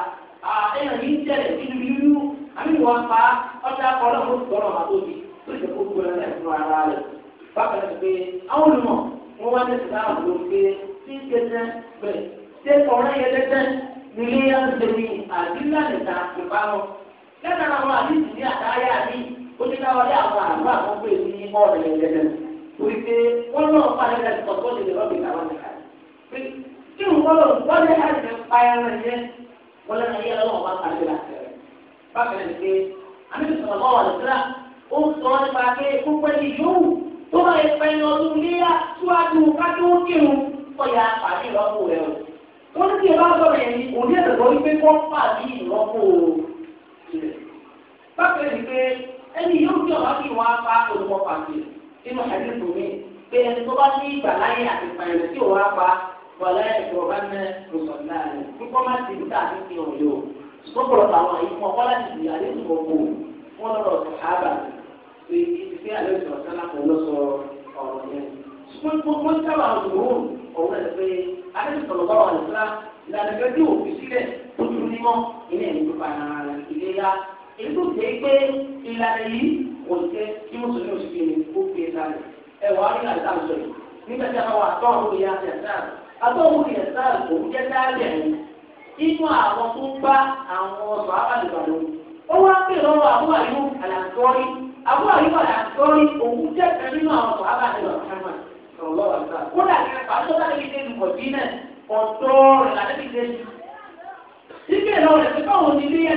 èèyàn ní tẹ̀lẹ̀ nínú yúyú àmì wọn pa ọjà kọlọ́ ó gbọ́dọ̀ máa tóbi ó sì kó gbọ́dọ̀ náà fún ara rẹ̀ bákan náà pé àwọn olùmọ̀ wọn wá lẹ́sìn náà ló pé tí tẹ́tẹ́ bẹ̀rẹ̀ ṣé ọ̀rẹ́ yẹn tẹ́tẹ́ nílé yá ń tẹ̀lé àdínlá nìta ìbámu lẹ́nu àwọn àdínlá ní àdáyà mi ó ti ká wọlé àwọn àgbà àkọ́kọ́ èyí ọ̀rẹ́ yẹn tẹ́tẹ́ torí pé wọ́n náà pa ẹ̀rẹ́ ìtọ́jú ìdè lọ́bì náà wọ́n ti ká tí n kọ́ lọ lọ́dẹ àjẹ payá náà yẹ wọlé náà yẹ lọ́wọ́ bá kàdé la tẹ̀lé bákan ní pé àmì sọ̀rọ̀ bá wà lọ́dẹ ó sọ nípa pé púpẹ́ ní yòówù tó bá yẹ pẹ́ lọ́dún léyà síwájú kájú kírun kọ́ya pàdé lọ́kù rẹ̀ o. wọ́n ti bá sọ̀rọ̀ yẹn ní òní ẹ̀dọ̀gbọ́ wípé kọ́ pàdé ìlọ́kù rẹ̀. bákan ní pé ẹni yóò fi wàlá ẹ̀kọ́ bá mẹ́ rògbòn náà rẹ̀ nípa máa ti níta àti fi hàn yóò sọ́kọ̀rọ̀ àwọn àyè fún ọkọ láti fi àlẹ́ ìlú ọkọ̀ wọn lọ́rọ̀ sàhábà pé ìdílé àlẹ́ ìlú ọ̀sán lápò lọ́sọ ọ̀rọ̀ yẹn. ṣùgbọ́n gbogbo ń sábà lòó ọ̀rọ̀ rẹ̀ pé alẹ́ ìsọ̀rọ̀ bá wà lọ́sọ́lá ìlànà ìgbẹ́ tí òfin sílẹ̀ tó dúró nímọ̀ ilé ẹ̀mí tó pa ara ilé yá. èyí tó ṣe é pé ìlànà yìí kò jẹ́ kí mùsùlùmí òṣìṣẹ́ mi kó gbé sáré. ẹ wàá rí àìsàn sọ̀rọ̀ nígbà tí a wà tọ́ abọ́wò yẹn sáà òun jẹ́ dáálẹ̀ ni inú àwọn tó ń bá àwọn ọ̀sọ̀ abàlùbàlù ó wá pè lọ́wọ́ àbúrò àyù àlàntọ́rí àbúrò àyù àlàntọ́rí òun jẹ́ kan nínú àwọn ọ̀sọ̀ abàlùbàlù ọ̀lọ́ àgbà kódà kẹfà tó bá rẹ̀ láti fi dé jù. Ibi ìlọ rẹ̀ pé báwo sọ̀rọ̀ lọ́wọ́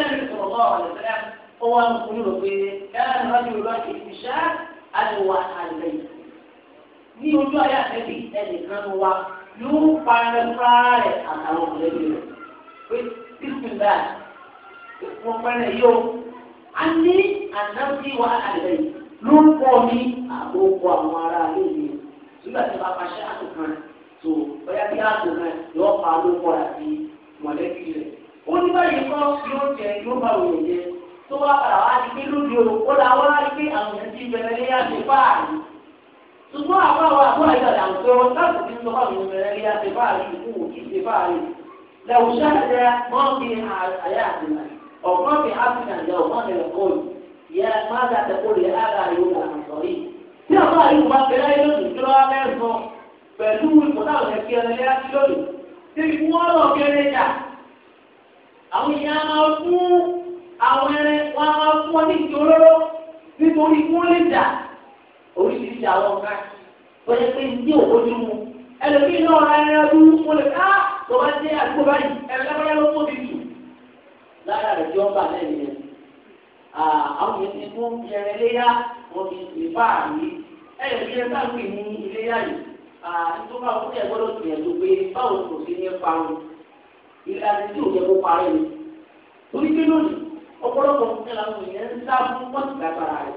rẹ̀ sẹ́yà ó wá ń kúrú lọ pé yára ni wọ́n ti rọ ìfìṣà àti wà àlẹ́ yìí. Ní ojú ayé àtẹ́bí ẹnìkan wá yóò pa ẹ̀fá rẹ̀ àtàwọn mọ̀lẹ́bí rẹ̀ pé bísíńdà wọ́n pẹ́rẹ́ yóò a ní ànábì wa àlẹ́ ló ń pọ̀ ní àkókò àwọn ará ilé mi nígbà tí wọ́n bá ṣe àtòkàn tó bóyá bí àtòkàn yóò pa ló pọ̀ àti mọ̀lẹ́bí rẹ̀ ó ní báyìí kọ́ yóò jẹ yóò bá òye jẹ tó wá padà wá di pé lóde o ó la wá àwọn èèyàn ti bẹ̀rẹ̀ ní àti fáàrí ṣùgbọ́n àwọn àwọn àbúrò ìdàdà ń pẹ́ wọn láti fi lọ́wọ́ àwọn ọmọ ẹ̀rí àti báàlì ìkú òkè ṣe báàlì lẹ́wọ̀n ṣáàjẹ́ wọ́n fi àyà àtìmọ̀ ọ̀gbọ́n fi áfíríkà jẹ́ ọ̀gbọ́n rẹ̀ kọ́ọ̀lù yẹ má dàtẹ̀ kó lè ága ìlú làwọn sọ̀rí. tí àwọn àyùn bá fẹ́ láyé lónìí tó lọ́wọ́ bẹ́ẹ̀ sọ pẹ̀lú ìmọ̀láwọn ẹ̀fí ẹlẹ́yà sí oríṣiríṣi àwọn ọ̀gá wọ́n yẹ pé ní òkojú mu ẹlòmíì náà ọ̀rọ̀ ẹ̀rọ ẹ̀dún mo lè ká tó bá dé àdúgbò báyìí ẹ̀rọ lábáyá ló tóbi jù lára rẹ̀ jọ ń bà lẹ́yìn rẹ̀ àwọn yẹn ti mú yẹrẹ léyà wọn fi pè fáàrí ẹ̀rọ bí ẹ bá pè ní iléyà yìí àtúntò àwọn ọkùnrin ẹ̀gbọ́dọ̀ tìyànjú pé báwo kò sí ní parun ìlànà tí ò kó parẹ́ ni torí pé lónìí ọ̀pọ̀lọpọ̀ nǹkan làwọn èèyàn ń sá wọn ti dàgbàrà rẹ̀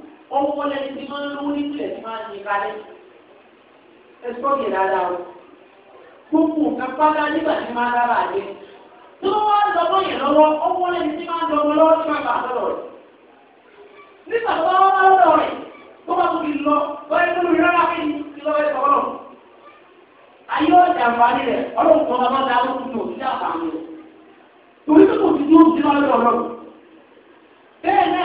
owó wọlé ní ti máa ń lówó ní ìpìlẹ̀ tí máa ń yin kalẹ̀ ẹsùn ọ̀gẹ̀ dáadáa o gbogbo nǹkan pátá nígbà tí máa dára àjẹ tí wọ́n wá lọ bọ́ yẹn lọ́wọ́ owó wọlé ní ti máa ń lọ́wọ́ lọ́wọ́ tí máa bá lọ́rọ̀ rẹ̀ nígbà tó bá wá lọ́rọ̀ rẹ̀ tó bá tóbi lọ wáyé lórí rárá kí ni kí lọ́wọ́ ẹ̀ sọ̀rọ̀ ayé ọ̀jà àǹfààní rẹ̀ ọlọ́run kan bá dá lókùn ní òṣìṣẹ́ àǹfààní rẹ̀ torí tó kò sí ní òṣìṣẹ́ lọ́wọ́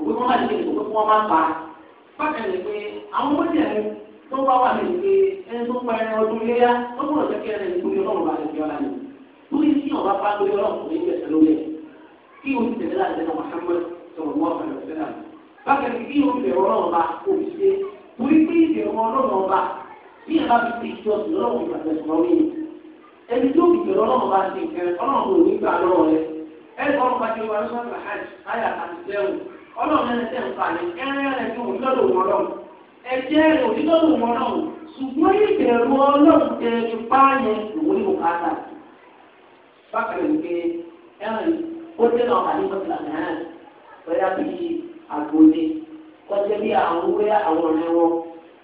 òwe wọn máa ṣe ìwé wọn máa pa bákan ní pé àwọn ọmọdé ẹni tó bá wà ní pé ẹni tó pa ẹni ọdún léyà wọn gbọ́dọ̀ jẹ kí ẹni ẹni gbóyè Ọlọ́run bá lè fi ọlá ni lórí tí ọba bá lórí Ọlọ́run kò ní í bẹsẹ lórí ẹ kí o ti tẹ̀lé àti ẹni Muhammad sọ̀rọ̀ mọ́ ọ̀fẹ́ ọ̀fẹ́ náà bákan ní kí o ti bẹ̀rù Ọlọ́run bá kò ní ṣe torí pé ìbẹ̀rù Ọlọ́run ọba bí ẹ bá fi ti ìjọ Ọlọ́run ìgbàgbẹ́ sọ̀rọ̀ mi ẹni tó bìbẹ̀rù Ọlọ́run bá ti kẹ Ọlọ́run kò ní gbà lọ́wọ́ rẹ ẹ ọlọ́run ẹni tẹ́ ń pa ní ẹ̀rẹ́ rẹ̀ ní òun lọ́dọ̀ wọn lọ́wọ́ ẹ̀jẹ̀ rẹ̀ òun lọ́dọ̀ wọn lọ́wọ́ ṣùgbọ́n ìbẹ̀rù ọlọ́run tẹ ipá yẹn òun ní bùkátà bákan ní pé ẹ̀rìn ó dé náà àní bọ́sìlá náà bóyá bí àgbòde kọjá bí àwọn wé àwọn ọ̀rẹ́ wọn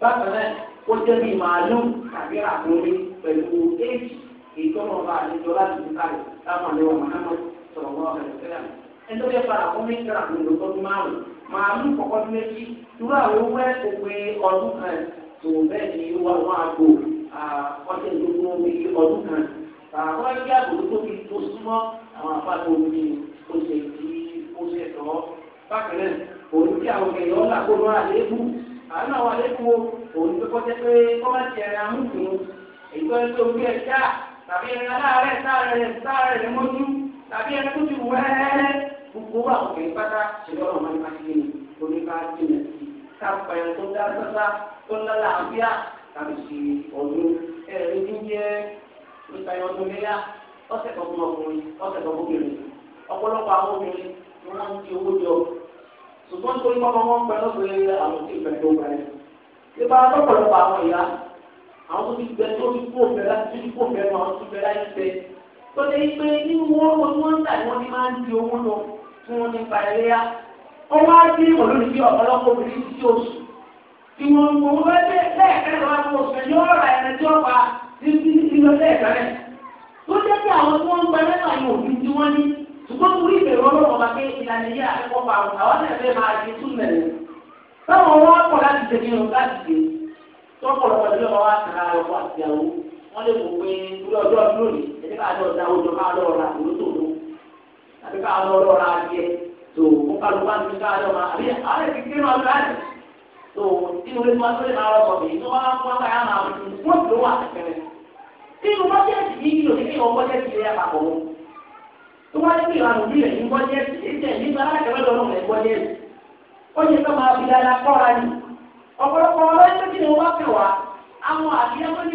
bákan náà ó jẹ́ bí màálù tàbí àkúnlé pẹ̀lú éèjì èyí tó mọ̀ bá àlejò láti bùkátà láwọn ọ̀rẹ́ wọn mọ̀ ẹni tó fẹ́ fara fún mi kíra fún ìlú ọdún márùn-ún màálù kọ̀kọ́ ní méjì irú àwọn owó ẹ̀ tó pé ọdún kan tó bẹ́ẹ̀ ni wà wọ́n àgbo ọ̀sẹ̀ ìdógún omi ọdún kan àwọn ẹgbẹ́ àgbòdo tó fi tó súnmọ́ àwọn àpáta omi tó ṣe ti ó ṣe tọ́ bákan náà òun tí àwọn èèyàn ọ̀là kó lọ́ àléébù àánú àwọn àléébù òun tó kọ́jẹ́ pé kọ́ bá ti ẹ̀rẹ̀ amúkùnrin èyí tó ń tó orí ẹ̀ ṣáà tàbí ẹ̀rẹ̀ aláàárẹ̀ sáà rẹ̀ sáà rẹ̀ lẹ́mọ́jú tàbí ẹ̀rẹ̀ tó ti wẹ́ẹ́rẹ́ gbogbo wa kò ní pátá ṣẹlẹ̀ ọ̀rọ̀ wọn ní pátí ní oníkàájú náà sí káàpá ẹ̀ tó dá sọ́sá tó ń lọ́la àbíà tàbí sí ọdún ẹ̀rí ní jẹ́ nípa ẹ̀ ọdún léyà ọ̀sẹ̀ kọ̀ọ̀kan ọkùnrin ọ̀sẹ̀ kọ̀ọ̀kan obìnrin ọ̀pọ̀lọpọ̀ àwọn obìnrin ni wọ́n ń di owó jọ ṣùgbọ́n tó ní kọ́kọ́ wọn pẹ́ lọ́sọ̀rọ̀ àwọn tí ìfẹ́ tó gbà yẹn. nípa lọ́pọ̀lọpọ̀ àwọn ìyá àwọn tó ti gbẹ tó ti kó fẹ́ láti tó ti kó fẹ́ náà tó fẹ́ láti fẹ́ tó lè pé nínú wọn wọn ń tà ni wọ́n ti máa ń di owó lọ tí wọ́n nípa ẹlẹ́yà wọ́n wá sí olórí ọ̀pọ̀lọpọ̀ obìnrin títí oṣù ìwọ̀n ìwọ̀n wọ́n bẹ́ẹ̀ lẹ́ẹ̀kẹ́rẹ́ wá sí oṣù ẹ̀yọ́ ọ̀rà ẹ̀rẹ́ tí ó pa títí ìlọ lẹ́ẹ̀kẹ́rẹ́ tó jẹ́ pé àwọn tí wọ́n ń gba mẹ́ta ni òbí tí wọ́n ní ṣùgbọ́n orí ìbẹ̀rù ọlọ́wọ́ bá pé ìlànà yìí àkẹ́kọ̀ọ́ pa àwọn náà máa di tún mẹ́rin táwọn wá pọ̀ láti ṣe nínú láti ṣe tọ́pọ̀lọpọ̀ ní ọ̀rọ̀ wa kàrà ọkọ̀ àti ìyàwó wọ́n lè mọ̀ pé orí ọjọ́ ọdún lónìí ẹ̀jẹ̀ bá a lọ da ọjọ́ bá a lọ àti ká àwọn ọlọ́ra jẹ tó kó kálukú bá ń fi káyọ máa àbí àwọn èsì kiri máa gbá rẹ tó tí mo lè fún asọ́lé máa rọ́pò mi tó máa fún akáyà máa fi wọ́n tó wà kẹrẹ. tí mo bọ́jẹ́tì yìí kìlò ní ìwọ bọ́jẹ́tì rẹ àpapọ̀ wọn. tó wá ní ìwà àlùbí rẹ̀ ní bọ́jẹ́tì ìtẹ̀ nígbà alákẹ́rẹ́ lọ́nà rẹ̀ bọ́jẹ́tì. ó yẹ ká máa fi dáadáa kọ́ra ni. ọ̀pọ̀lọpọ̀ ọlọ́yẹ́ tí mo bá fẹ́ wá àwọn àbíyá tó ní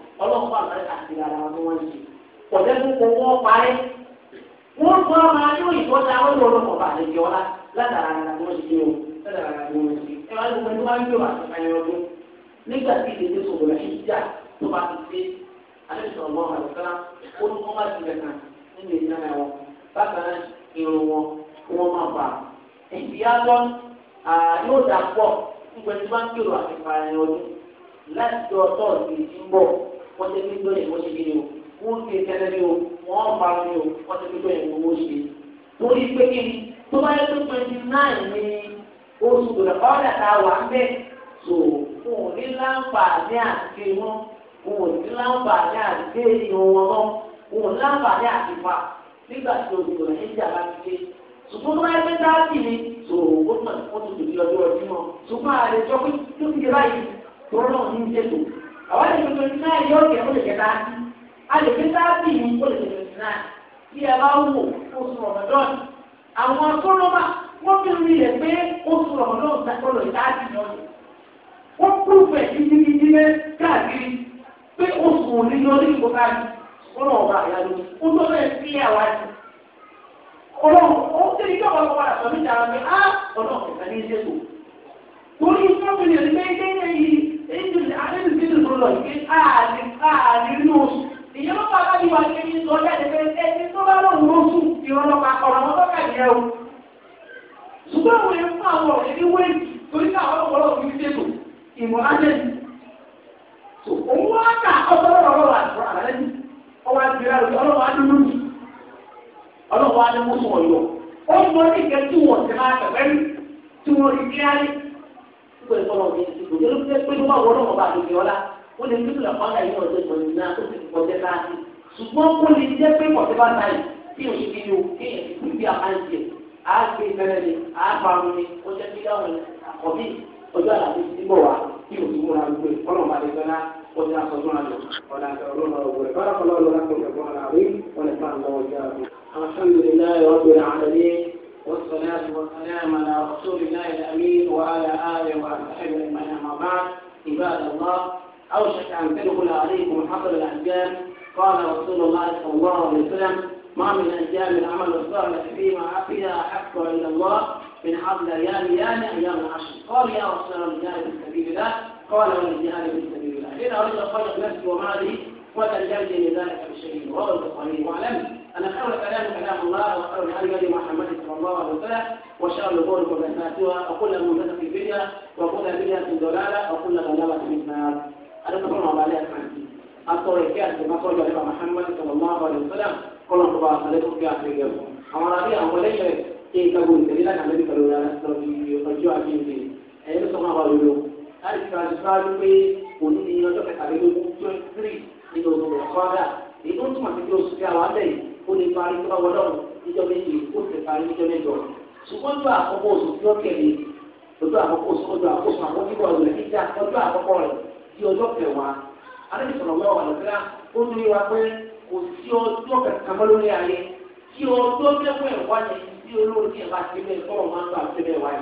ọlọ́pàá àmàlẹ́ àti ìlànà ọdún wọn ṣe ọ̀dẹ́ tó kọ wọ́n parí wọ́n kọ́ ọmọ ayé òyìnbó ta wọ́n lọ lọ́kọ̀ bá àlejò ọ̀la látara ara wọn ṣe o látara ara wọn ṣe ẹ wá lóko ẹni wá ń gbèrò àti ayé ọdún nígbà tí ìdílé sọ̀rọ̀ rẹ̀ ń jà tó bá ti dé alẹ́ sọ̀rọ̀ wọn àlùkálá ó ní wọ́n bá ti rẹ̀ kàn nínú ìlànà wọn bákan náà irun wọn kí wọ́n máa fà ìdíyà lọ yóò dà pọ̀ nígbà tí wọ́n ń gbèrò àti ayé ọdún láti ọtọ́ ìdí ń bọ̀ wọ́n ti fi gbọ́ yẹn wọ́n ti fi ni o wọ́n ti tẹ́lẹ̀ ni o wọ́n pa ni o wọ́n ti fi gbọ́ yẹn wọ́n ṣe. torí pé kí ni tó bá yẹ pé twenty nine ni oṣù gbọdọ̀ ọ̀dà tá a wà ń bẹ̀ so fún òní láǹfààní àti wọn fún òní láǹfààní àti èèyàn wọn lọ fún òní láǹfààní àti fa nígbà tí oṣù gbọdọ̀ ẹ̀ jà láti dé ṣùgbọ́n tó bá yẹ pé dáàbì ni so ó tún ti lọ́jọ́ ọdún náà ṣùgbọ́n àlejò pé tó ti yẹ báyìí tó rọ̀ ó lè jẹ táàbì a lè fi o ní ó lè jẹ twenty nine bí ẹ bá wò oṣù rọmọdọ́ọ̀nù àwọn akọ́nọ́mà wọ́n fi rí rẹ̀ pé oṣù rọmọdọ́ọ̀nù sàkọlọ̀ táàbì o wọ́n kúrò ẹ̀ gidigidi lẹ́ káàkiri pé oṣù òní lọ ní ìbò káàkiri wọ́n náà wà àyà o ó tó bẹ́ẹ̀ sí àwa jù ọlọ́run o ń tẹ́lẹ̀ kí ọ̀pọ̀ ọ̀pọ̀ àtọ̀ níta rẹ̀ á ọlọ́run kẹta ní ìṣẹ́kù torí fún mi lè pé kéèyàn yìí èyí ni àdéhùn sí ìlú lọ pé káàdì káàdì nù ìyẹn ló bàbá yìí wà ní ẹni sọ jáde pé ẹni tó bá lóun ló sùn ìrọ̀ lọ́pa ọ̀rọ̀ wọn tó kàdé ẹ o. ṣùgbọ́n àwọn èèyàn fún àwọn ọ̀rẹ́ ní wéèkì torí káwọn ọ̀pọ̀lọpọ̀ fi ṣètò ìmọ̀ ájẹ́ni. òun wá kà ọ̀pọ̀lọpọ̀ ọ̀rọ̀ àtúrà àlẹ́ ní ọwọ́ àdìrẹ́ àlùfẹ́ ọlọ́wọ́ adúlú mi ọlọ́wọ́ adúlú sọ̀rọ̀ ó ń bọ́ ní ìkẹ́ tí wọ́n ti máa tẹ̀wẹ́rì tí wọ́n rí kíárì pé ìfọlọ́ mi ti kò yẹlò pé pé wọ́n wọ́n lọ́wọ́ bá a lè fi ọlá ó lè fi ìlànà fáńdà yìí ọ̀dọ́ ìmọ̀ nínú náà ó sì kọ́ jẹ́ náà sí ṣùgbọ́n ó lè jẹ́ pé pọ̀tẹ́ bá náà tí o ti yọ kí ẹ̀ ti gbé àkáǹtì ẹ̀ á gbé ìfẹ́rẹ́ ni á parun ni ó jẹ́ pé àwọn àkọ́bí ọjọ́ àlàfo ti bọ̀ wá kí o ti múra gbogbo ìfọlọ́ bá a lè fẹ́ náà ó ti aṣọ fún àlọ́ ọ̀dà ọlọ́run ọ̀gbọ̀n ìfọ́nà kọlọ́ ọlọ́run ọ̀gbọ̀n ìfọ́nà àwí wọn ìfọ́nà lọ́wọ́ jẹ́ àbí. والصلاة والسلام على رسول الله الأمين وعلى آله وأصحابه اهل أما بعد عباد الله أوشك أن تدخل عليكم حفل الأحجام قال رسول الله صلى الله عليه وسلم ما من أيام العمل الصالح فيما فيها أحق الا الله من عبد أيام أيام أيام العشر قال يا رسول الله الجهاد في سبيل الله قال والجهاد في سبيل الله إذا أردت خلق نفسي ومالي ولن يجد ذلك بشيء وهو القليل واعلم أن خير الكلام كلام الله وخير الهدي محمد صلى الله عليه وسلم وشر الأمور محدثاتها وكل محدثة في فيها وكل بدعة ضلالة وكل ضلالة في النار. أنا أقول على ذلك أقول كأس ما قال الإمام محمد صلى الله عليه وسلم قال الله عليكم في آخر اليوم. أمر أبي أولي كي تقول كذلك أن صلى الله عليه وسلم يرجع فيه ẹ̀yẹ́ sọ máa wà lóyún láti fi aṣáájú pé òní ni ọjọ́ kẹtàlélógún twenty three nínú ọdún ọ̀kọ́dà èyí tó túmọ̀ sí pé oṣù tí ó lè parí tó bá wọ lọ́wọ́ níjọ́ méje ó lè parí níjọ́ mẹ́jọ. ṣùgbọ́n tó àkọ́kọ́ oṣù tí ó kẹ̀lé ojú àkọ́kọ́ oṣù ojú àkọ́kọ́ àwọn onígbà rẹ̀ níjà ọjọ́ àkọ́kọ́ rẹ̀ di ọjọ́ kẹwàá. alẹ́ sọ̀rọ̀ wẹ́ wà lọ́sẹ̀lá ó ní wa pé kò sí ọjọ́ kankan mọ́ lórí ayé kí ọjọ́ mẹ́wàá ẹ̀wá yẹn tí olórí ẹ̀ bá ti bẹ́ẹ̀ tọ́rọ̀ máa ń gbà ti bẹ́ẹ̀ wáyé.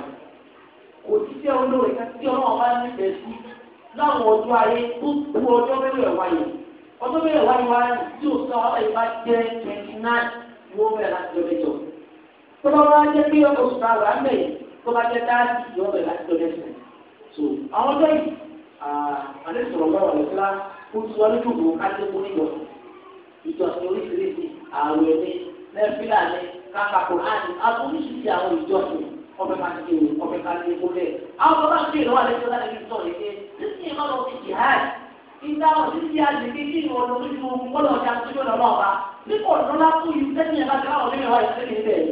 kò sí tẹ́ olórí kan tí ọlọ́run bá nífẹ̀ẹ́ sí láwọn ọjọ́ ayé tó kú ọjọ́ mẹ́wàá ẹ̀wá yẹn ọdún mẹ́rin wáyé wá tí o sọ ọ́ ìbá jẹ́ twenty nine wọ́n bẹ̀rẹ̀ láti lọ mẹ́jọ. tó bá wá jẹ́ pé ọkọ̀ oṣù tààrà á mẹ́yìn tó bá jẹ́ dáàbì yọ bẹ̀rẹ̀ láti lọ mẹ́jọ. so àwọn ọjọ́ yìí àlẹ́ sọ̀rọ̀ lọ́wọ́ rẹ̀ fúlá kó tí wọ́n lójú bò kájé kó níjọ. ìjọsìn oríṣiríṣi ààrẹ ní lẹ́fílà ní kápákó láti agbóríṣiríṣi àwọn ìjọsìn ọbẹ̀ máa ti kéwòn ọbẹ̀ ká ìdáwọ̀ títí àdìgí kí ni ọ̀dọ̀ nínú gbọ́dọ̀ ọjà tó yọ̀ lọ́wọ́ ọba nípa ọ̀dọ́lá tó yìí sẹ́yìn ẹ̀ bá ti láwọn onímọ̀ ẹ̀ sẹ́yìn bẹ́ẹ̀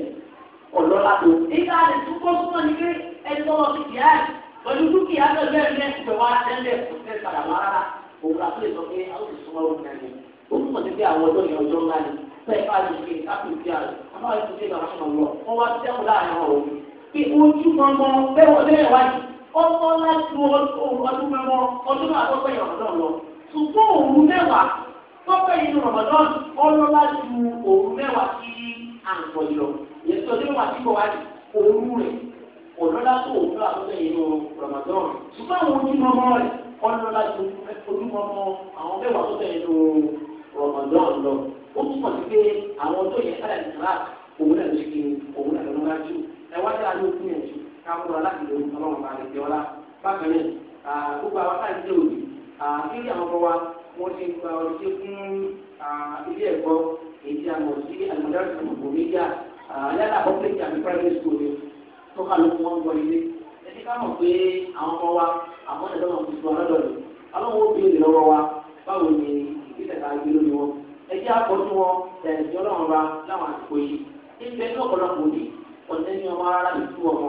ọ̀dọ́lá tó. ìgbà rẹ̀ tó kọ́ súnmọ́ ni pé ẹni tọ́wọ́ ti kìá ẹ̀ pẹ̀lú dúkìá bẹ́ẹ̀ bẹ́ẹ̀ pẹ̀ wá tẹ́lẹ̀ kò tẹ́ padà wá rárá òun àti lè sọ pé àwọn ìsúnmọ́ òun náà ni òun mọ̀ sí pé àwọn ọjọ́ yẹn ọjọ́ ńlá ni bẹ́ẹ̀ bá lè ṣe kápẹ́ ìdí àrẹ àbáwọ̀ ìtúnṣe ìgbà wọn ọtọ́ láti ọdún mẹ́wọ́ ọdún àtọ́gbẹ́ ìrọ̀lọ́dọ̀ lọ. ṣùgbọ́n òru mẹ́wàá tọ́gbẹ́ inú rọ̀mọ́dọ́n ọlọ́ láti òru mẹ́wàá sí àǹkọ̀ yọ. ìyẹn tó déwà tí kò wá ní òru rẹ̀ ọ̀dọ́ láti òru àtọ́gbẹ́ inú rọ̀mọ́dọ́n. ṣùgbọ́n àwọn ojúmọmọ rẹ̀ ọlọ́ láti ojúmọmọ àwọn mẹ́wàá tọ́gbẹ́ inú rọ̀mọ́dọ́n lọ. ó túmọ̀ sí pé àwọn tó yẹ káwọn aláàbò ọlọ́run bá lè jẹ ọlá bákan náà gbogbo àwọn táyì tẹ òbí kíkí àwọn ọmọ wa wọ́n ti gba ọtí fún ilé ẹ̀kọ́ èyí àmọ̀ sí àlùmọ́dárì tó kò ní yá yálà public àti private school ni tó ká ló wọ́n gbọ́ ilé ẹni ká mọ̀ pé àwọn ọmọ wa àwọn ẹ̀dọ́ náà ti sọ ọlọ́dọ̀ ni aláwọ̀ òbí lè lọ́wọ́ wa báwo ni ìgbésẹ̀ ká gbé lórí wọn ẹjẹ́ àkọ́tún wọn ẹ̀sìn ọlọ́run ra láwọn àsìkò yìí níbi ẹni ọ̀pọ̀lọpọ̀ òní ọ̀nẹ́ni ọmọ ara ìtú ọmọ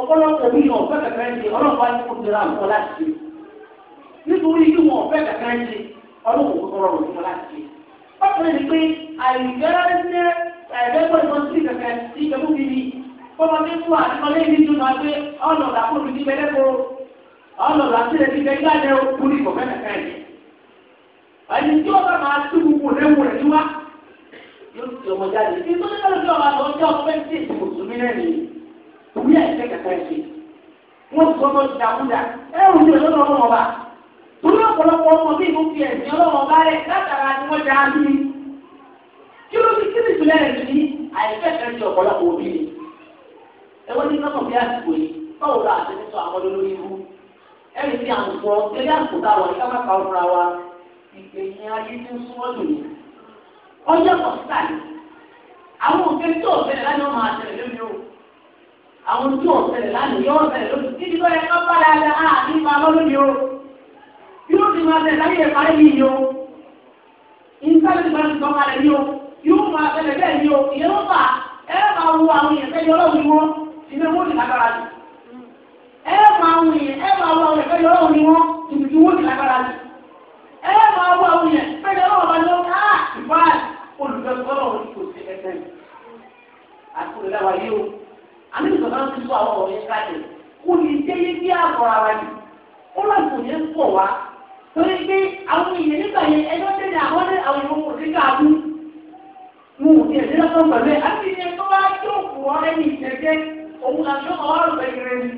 ọ̀pọ̀lọpọ̀ mi yàn ọ̀fẹ́ kẹ̀kẹ́ ń ṣe ọlọ́pàá ní kò tẹ̀lé àwọn láti ṣe nítorí yìí wọn ọ̀fẹ́ kẹ̀kẹ́ ń ṣe ọlọ́pàá kò tọrọ òun láti ṣe. bákan ní pé àìgbẹ́rẹ́ àìgbẹ́gbẹ́ ìbọn sí kẹ̀kẹ́ sí ìjọba bíbí kọ́mọ mi fún àtìmọ́lé mi tún náà pé ọlọ́dà kò ní ti bẹ́lẹ́ kó ọlọ́dà sí ẹ̀ ti bẹ́ gbáde òkúrì ọ̀fẹ́ kẹ̀kẹ́ yẹn. àyè tí ọba máa tú gbogbo léwu rẹ̀ níwá yóò ti ọmọ jáde nítorí òbí àìsẹ́ kàkà ẹ̀ṣẹ̀ wọ́n ti sọ́kọ́ ti dàkúdà ẹ̀ ń jẹ́ lọ́dọ̀ ọba torí ọ̀pọ̀lọpọ̀ ọmọ bí ìlú fi ẹ̀sìn ọlọ́mọ ọba rẹ̀ látara ni wọ́n já sí i kí ló fi kíni ìpínlẹ̀ rẹ̀ sí àìsẹ́ kàkà ọ̀pọ̀lọpọ̀ òbí ni ẹ ní sọ́kọ̀ bí àsìkò yìí báwo la àti nísọ àwọn olórí ibú ẹ̀rì sí àwùjọ ẹgbẹ́ àpò táwọn ẹ̀ká má kà ọ́nra wa ìgbẹ̀yìn ayé ní ọjọ́ kọ̀ọ̀tà yìí àwọn òfin tó ọ̀fẹ́ láti wọ́n àwọn tí wọn fẹlẹ lánàá yóò fẹlẹ lónìí níbi tó yẹ ká bára ẹ á ní ma lọ́dún yìí o yóò ti máa fẹlẹ láyé ìparí yìí o ìsáré ìgbà tó tọ́ka rẹ̀ yìí o yóò máa fẹlẹ bẹ́ẹ̀ yìí o ìyẹn ló fà ẹ máa wo àwọn yẹn fẹ́ yọ lọ́wọ́ wọn ìbí wọn ti lágbára jù ẹ máa wo yẹn ẹ máa wo àwọn yẹn fẹ́ yọ lọ́wọ́ wọn ìbí tí wọn ti lágbára jù ẹ máa wo àwọn yẹn fẹ́ yọ àmì ìjọba ń tún àwọn ọ̀rọ̀ yẹn káyọ̀ kó lè jẹ́ yé bí àbọ̀ ara yìí ó lọ́sùn yẹn pọ̀ wá torí pé àwọn èèyàn nígbà yẹn ẹjọ́ tẹ̀lé àwọn àwọn ìwọ̀n òde káàdú mu òde ẹ̀dẹ́ lọ́sọ̀ pẹ̀lú ẹ̀ àti ìyẹn tó bá tó kù ọ̀rẹ́ ní ìṣẹ̀jẹ́ òun àti ọkọ̀ wà lọ́sọ̀ ìrẹ́ ni.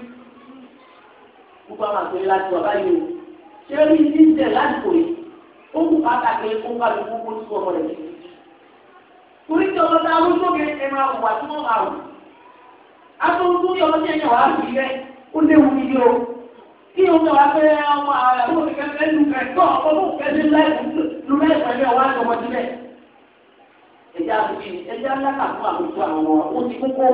gbogbo àwọn àgbẹ̀ láti wà báyìí o ṣé rí ní ìṣẹ̀ lásìkò yìí ó kù pàtàkì ó bá lóko kó tó ọmọ rẹ̀ torí tí ọmọ tá a ẹ atọ́wọ́tò ní ọmọdé ẹ̀yàn wà á fi rẹ̀ ó léwu níbi o kí ọmọ wa fẹ́ ọmọ àwọn òkèkè lu kẹ̀kọ́ ọmọ òkèkè lu mẹ́rin pẹ̀lú ọwọ́ àtọmọdé bẹ́ẹ̀. ẹja àbùkì ẹja alákà fún àbùkù àwọn ó ti kókó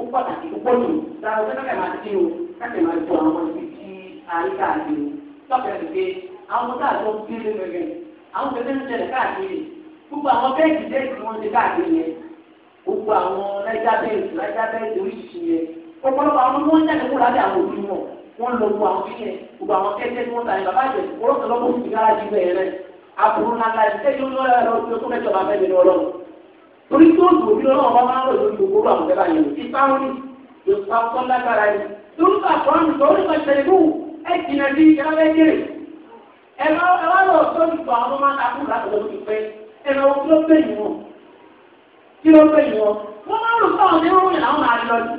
ó pàtàkì púpọ̀ nù dáa ọjọ́ kẹ̀kẹ́ máa ti o kẹ̀kẹ́ máa ju àwọn ọmọ ibi tí àríkà àti tọ́kẹ́ ti àwọn ọmọ káàtó ń gbé lé mẹ́rin àwọn kẹ̀kẹ́ ń tẹ̀lé káàkiri gbogbo àwọn bẹ́ẹ̀kì bẹ́ẹ̀kì wọ́n ti káàkiri yẹn gbogbo àwọn náírà bẹ́ẹ̀sì náírà bẹ́ẹ̀sì oríṣiríṣi yẹn ọ̀pọ̀lọpọ̀ àwọn tó ń jáde kó lábẹ́ àwọn òbí wọn wọ́n lọ gbogbo àwọn kíkẹ́ gbogbo àwọn kẹ́kẹ́ tí wọ́n ta yẹn bàbá àjẹ kọ́lọ́kọ́lọ́kọ́ fún ìgbà láti bẹ̀rẹ̀ rẹ̀ àbúrò nàlá ìṣẹ́jú lọ́wọ́ torí tó dùn bí lọ́wọ́ bá máa ń lò lórí gbogbo àwọn ìjọba yẹn ìpa wọn ni ìpa kọ́ lágbára yìí torí ká kọ́ ní sọ onípa ìṣẹ̀lẹ̀ mú ẹ jìnnà bí ìjọba bẹ́ẹ̀ jẹ́rẹ̀ ẹ lọ́wọ́ lọ́wọ́ sọ́ọ́ kí ló ń pè yín wọn wọn máa ń rò fáwọn ní ròyìn àwọn máa lọ ní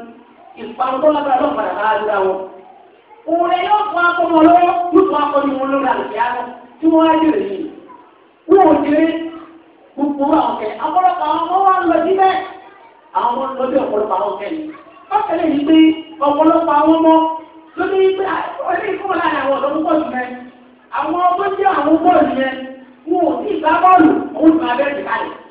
ìparun tó lágbára lọ padà máa lọ wọn. òun rẹ yóò fún akọmọ lọ́wọ́ yóò fún akọni wọn lórí àlùfẹ́ àná tí wọ́n á jèrè yìí. wọn ò jèrè gbogbo àwọn kẹ ọ̀pọ̀lọpọ̀ àwọn ọmọ wa ń lọ síbẹ̀ àwọn ọmọ lọ bí ọ̀pọ̀lọpọ̀ àwọn kẹ yìí. bákan náà yìí pé ọ̀pọ̀lọpọ̀ àwọn ọmọ ló ní pé ọdún ah, ìfún láàrin àwọn ọ̀dọ́ púpọ̀ jù mẹ́ àwọn ọmọ jẹ́ àwọn bọ́ọ̀lù yẹn wọn ò tí ì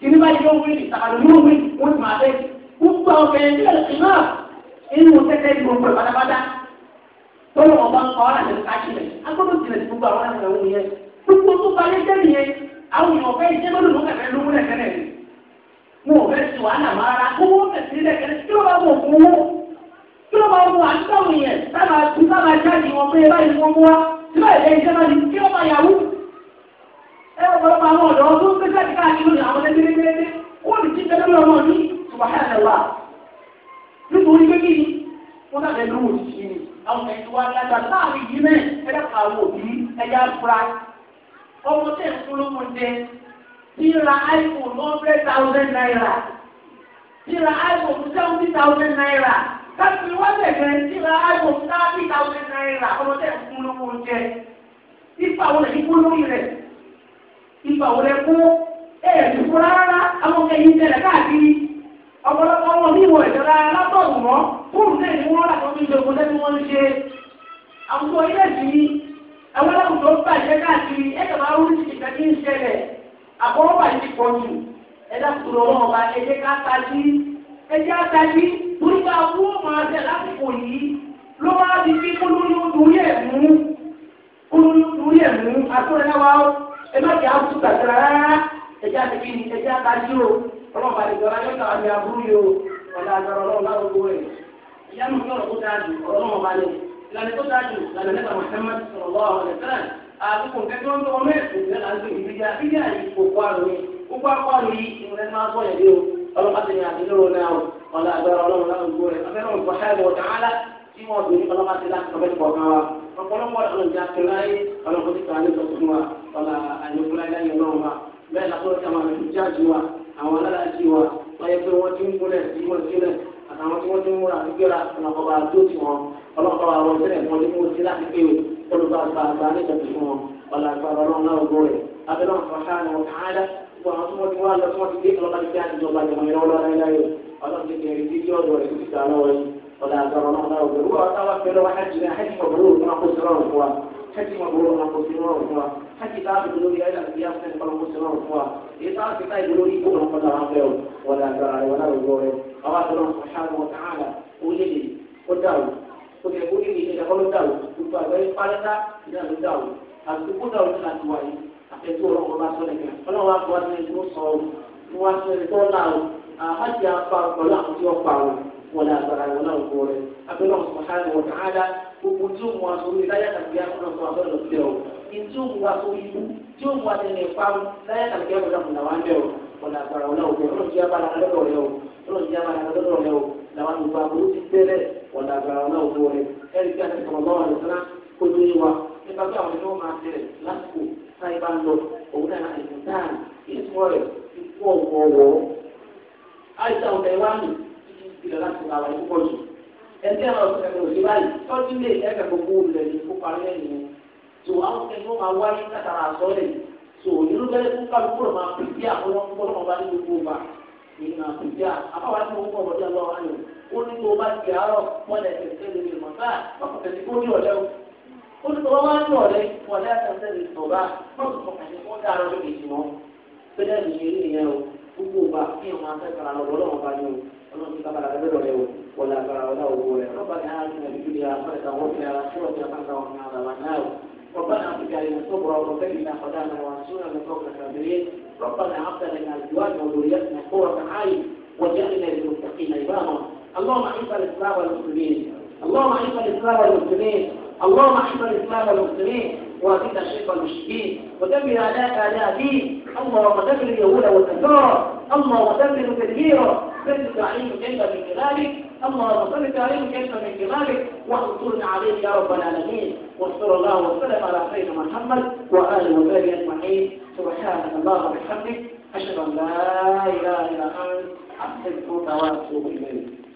kìnnì báyìí yóò wí ìtàkàlù yóò wí wọ́n ti máa bẹ́ẹ̀ gbogbo àwọn ọ̀fẹ́ ní ẹ̀rọ ìmọ̀ inú tẹ́tẹ́ ní gbogbo ìpàdápàdá tó lọ́wọ́ bá ń kọ́ ọ́ láti ká sílẹ̀ agbọ́dọ̀ sílẹ̀ gbogbo àwọn àti àwọn yẹn gbogbo tó bá yẹ jẹ́bi yẹn àwọn èèyàn ọ̀fẹ́ iṣẹ́ lọ́dún ló kẹ̀kẹ́ lówó lẹ́kẹ́lẹ́ mo ò fẹ́ sùn wàhálà máa ra owó kẹ̀sí lẹ́kẹ́lẹ́ kí ló bá wọ̀ fún owó kí ló bá wọ̀ àti àwọn yẹn sábà tún sábà wọn pé wọ́n bá yà ẹ ọ̀pọ̀lọpọ̀ àwọn ọ̀dọ́ tó ń gbé jáde káàkiri ní àwọn ẹgbẹ́ ẹgbẹ́ wọ́n ti jíjẹ lórí ọmọ ní wàhálà nítorí pé kí ni wọ́n náà lẹ́nu wò sí ni àwọn ẹ̀sùn wa lágbà láàrin yìí mẹ́ ẹ̀dá kàwọ́ òbí ẹ̀dá fura ọmọ tẹ̀ ń polówó jẹ tíra iphone one hundred thousand naira tíra iphone seventy thousand naira káàkiri wọ́n tẹ̀lé tíra iphone thirty thousand naira ọmọ tẹ̀ ń polówó jẹ ipa wọlé ní polówó rẹ̀. ìgbà wo lẹ kú ẹ̀ẹ́dì fún rárá àwọn ọmọ ẹ̀yìn tẹ̀lẹ̀ káàkiri ọ̀pọ̀lọpọ̀ ọmọ mi wọ̀ ìjọba látọ̀rùn náà fi wọn ṣe àwùjọ ilé ìsinmi àwọn aláwùjọ bàjẹ́ káàkiri sí tí ń ṣẹlẹ̀ àkọ́wọ́ bàjẹ́ ti pọ̀ jù kúrò wọn ọba ká ẹ má jẹ́ àbúrò gbàgbára rárá ẹ̀jẹ̀ àtẹ̀kí ni ẹ̀jẹ̀ àkájú o ọlọ́run bá lè jọ ọlá yọ̀ọ̀ta àti àbúrò yìí o ọ̀la àgbàrá ọlọ́run bá gbogbo rẹ̀ ìyá mi ní ọ̀rọ̀ tó dáa jù ọlọ́run bá lè ìlànà tó dáa jù lànà nípa Muhammad sọ̀rọ̀ àtúkò kẹjọ ń tọmọ ẹsùn ní àgbè ìgbéga bíyà yìí kò kó àrùn yìí gbogbo akó àrùn yìí ìrìnlẹ máa sọ yẹn bí o ọlọ́pàá ti ní àdínlóró náà o ọlọ àgbẹrẹ Ọlọ́run náà ń gbó rẹ abẹ́rẹ́ òǹkọ ṣáà láti sọ bẹ́ẹ̀ ọ̀pọ̀lọpọ̀ àwọn ìjà kẹlẹ́ ayé ọlọ́pọ̀ títà ní sọ̀tún wa ọ̀là àyẹ̀kúlá ìdáyẹ̀ náà wa bẹ́ẹ̀ lásán ti àwọn àlùjáàjì wa àwọn alálàájì wa wáyé pé wọ́n ti ń múlẹ̀ tí wọ́n ti rẹ̀ àtàwọn tí wọ́n ti ń múra àti gbéra ọlọ́pàá tó ti wọn ọlọ́pàá àwọn ìṣẹ̀lẹ̀ kan ní mo ti láti pé olùkọ́ àgbà àgbà ní ìjọba fún wọn ọ̀là àgbà ọlọ́run náà gbọ́ rẹ̀ abẹ́lẹ́ wọn fọ́ṣá ni wọ́n kàn án dá gbogbo àwọn tí wọ́n ti wá lọ tí wọ́n ti dé ọlọ́pàá ti ولا أدرى ما الله بروه وتوكل وحجنا حج مبرور ما قصر رفوا حج مبرور ما قصر رفوا حج تعب دلوري إلى القياس ما قصر رفوا إذا كتا دلوري كونه قد رفوا ولا أدرى ولا بروه الله سبحانه وتعالى ولدي قدام òkè kó níbi ìṣẹ̀lẹ̀ kọ́ ló dàrú gbogbo àgbáyé pálẹ́tà ìdá ló dàrú àtúkú dàrú ní láti wáyé àfẹ́tí ọlọ́run bá sọ̀rọ̀ ẹ̀gbẹ́ ọlọ́run àgbọ̀ wá sí ẹni tó sọ ọ́ wọ́n wá sí ẹni tó là ó àhájì apá pẹ̀lú àwọn tí ó pa ọ́ wọlé agbára wọn náà gbọ́ rẹ̀ abẹ́rẹ́ wọn sọ hàn wọn tààdá gbogbo tí ó mú aṣọ orí láyà tàbí akọ́nà fún abẹ́rẹ́ lọ sílẹ̀ o kí tí ó mú aṣọ orí ibú tí ó mú atẹnẹ ìparun láyà tàbí akọ́nà fún làwọn bẹ́ẹ̀ o wọlé agbára wọn náà gbọ́ ọlọ́run jẹ́ abára lọ́dọ̀ rẹ o ọlọ́run jẹ́ abára lọ́dọ̀ rẹ o làwọn àgbà burú ti bẹ̀rẹ̀ wọlé agbára wọn náà gbọ́ rẹ ẹ̀rí bí a ti sọ̀rọ̀ lọ́wọ́ àlùfáà kó tó yé wa nípa bí àwọn ẹ̀dọ́ máa tẹ̀lé lásìkò táyé bá ń lọ òun náà ìlọ láti ra wáyé pọ̀ jù ẹgbẹ́ àwọn ọ̀sẹ̀ òsì báyìí tọ́jú lè ẹgbẹ́ gbogbo olùlẹ̀ ní kó parí ẹ̀yìn wọn tó àwọn ẹni wọn máa wáyé látara àsọ́lẹ̀ tó nínú bẹ́ẹ̀ fún kálukú rẹ̀ máa pèsè àwọn ọmọ ọba ní gbogbo ọba èyí máa pèsè àbáwá ní gbogbo ọmọdé ọlọ́wọ́ ayọ̀ ó ní tó bá ti àárọ̀ wọn lẹ̀ tẹ̀sẹ̀ lè mọ̀ báà wọ́n kọ̀ olùkọ́ wa ń lọ̀lẹ́ wọlé àtàntẹ́ lè sọ̀ bá mọ̀tòkọ̀ kàní wọ́n dára lókè jù wọ́n bẹ́ẹ̀ ni eré yẹn o gbogbo ọba kí ọmọ akẹ́kọ̀ọ́ lọ́wọ́ ọlọ́run ti kábàlà lọ́dọ̀ rẹ o wọlé agbára wọlé owó ربنا اعطك علينا الصبر وكفنا وانصرنا من فوق الكافرين ربنا عبدنا من ازواجنا وذريتنا قوة عين وجعلنا للمتقين اماما اللهم اعز الاسلام والمسلمين اللهم اعز الاسلام والمسلمين اللهم اعز الاسلام والمسلمين وأكيد الشرك والمشركين ودمر أعداء أعداء دين اللهم دمر اليهود والنصارى اللهم دمر تدميرا مثل تعليم كيف من كذلك اللهم صل تعليم كيف من كذلك وانصرنا عليك يا رب العالمين وصلى الله وسلم على سيدنا محمد وآل وصحبه أجمعين سبحانك اللهم وبحمدك أشهد أن لا إله إلا أنت أستغفرك وأتوب إليك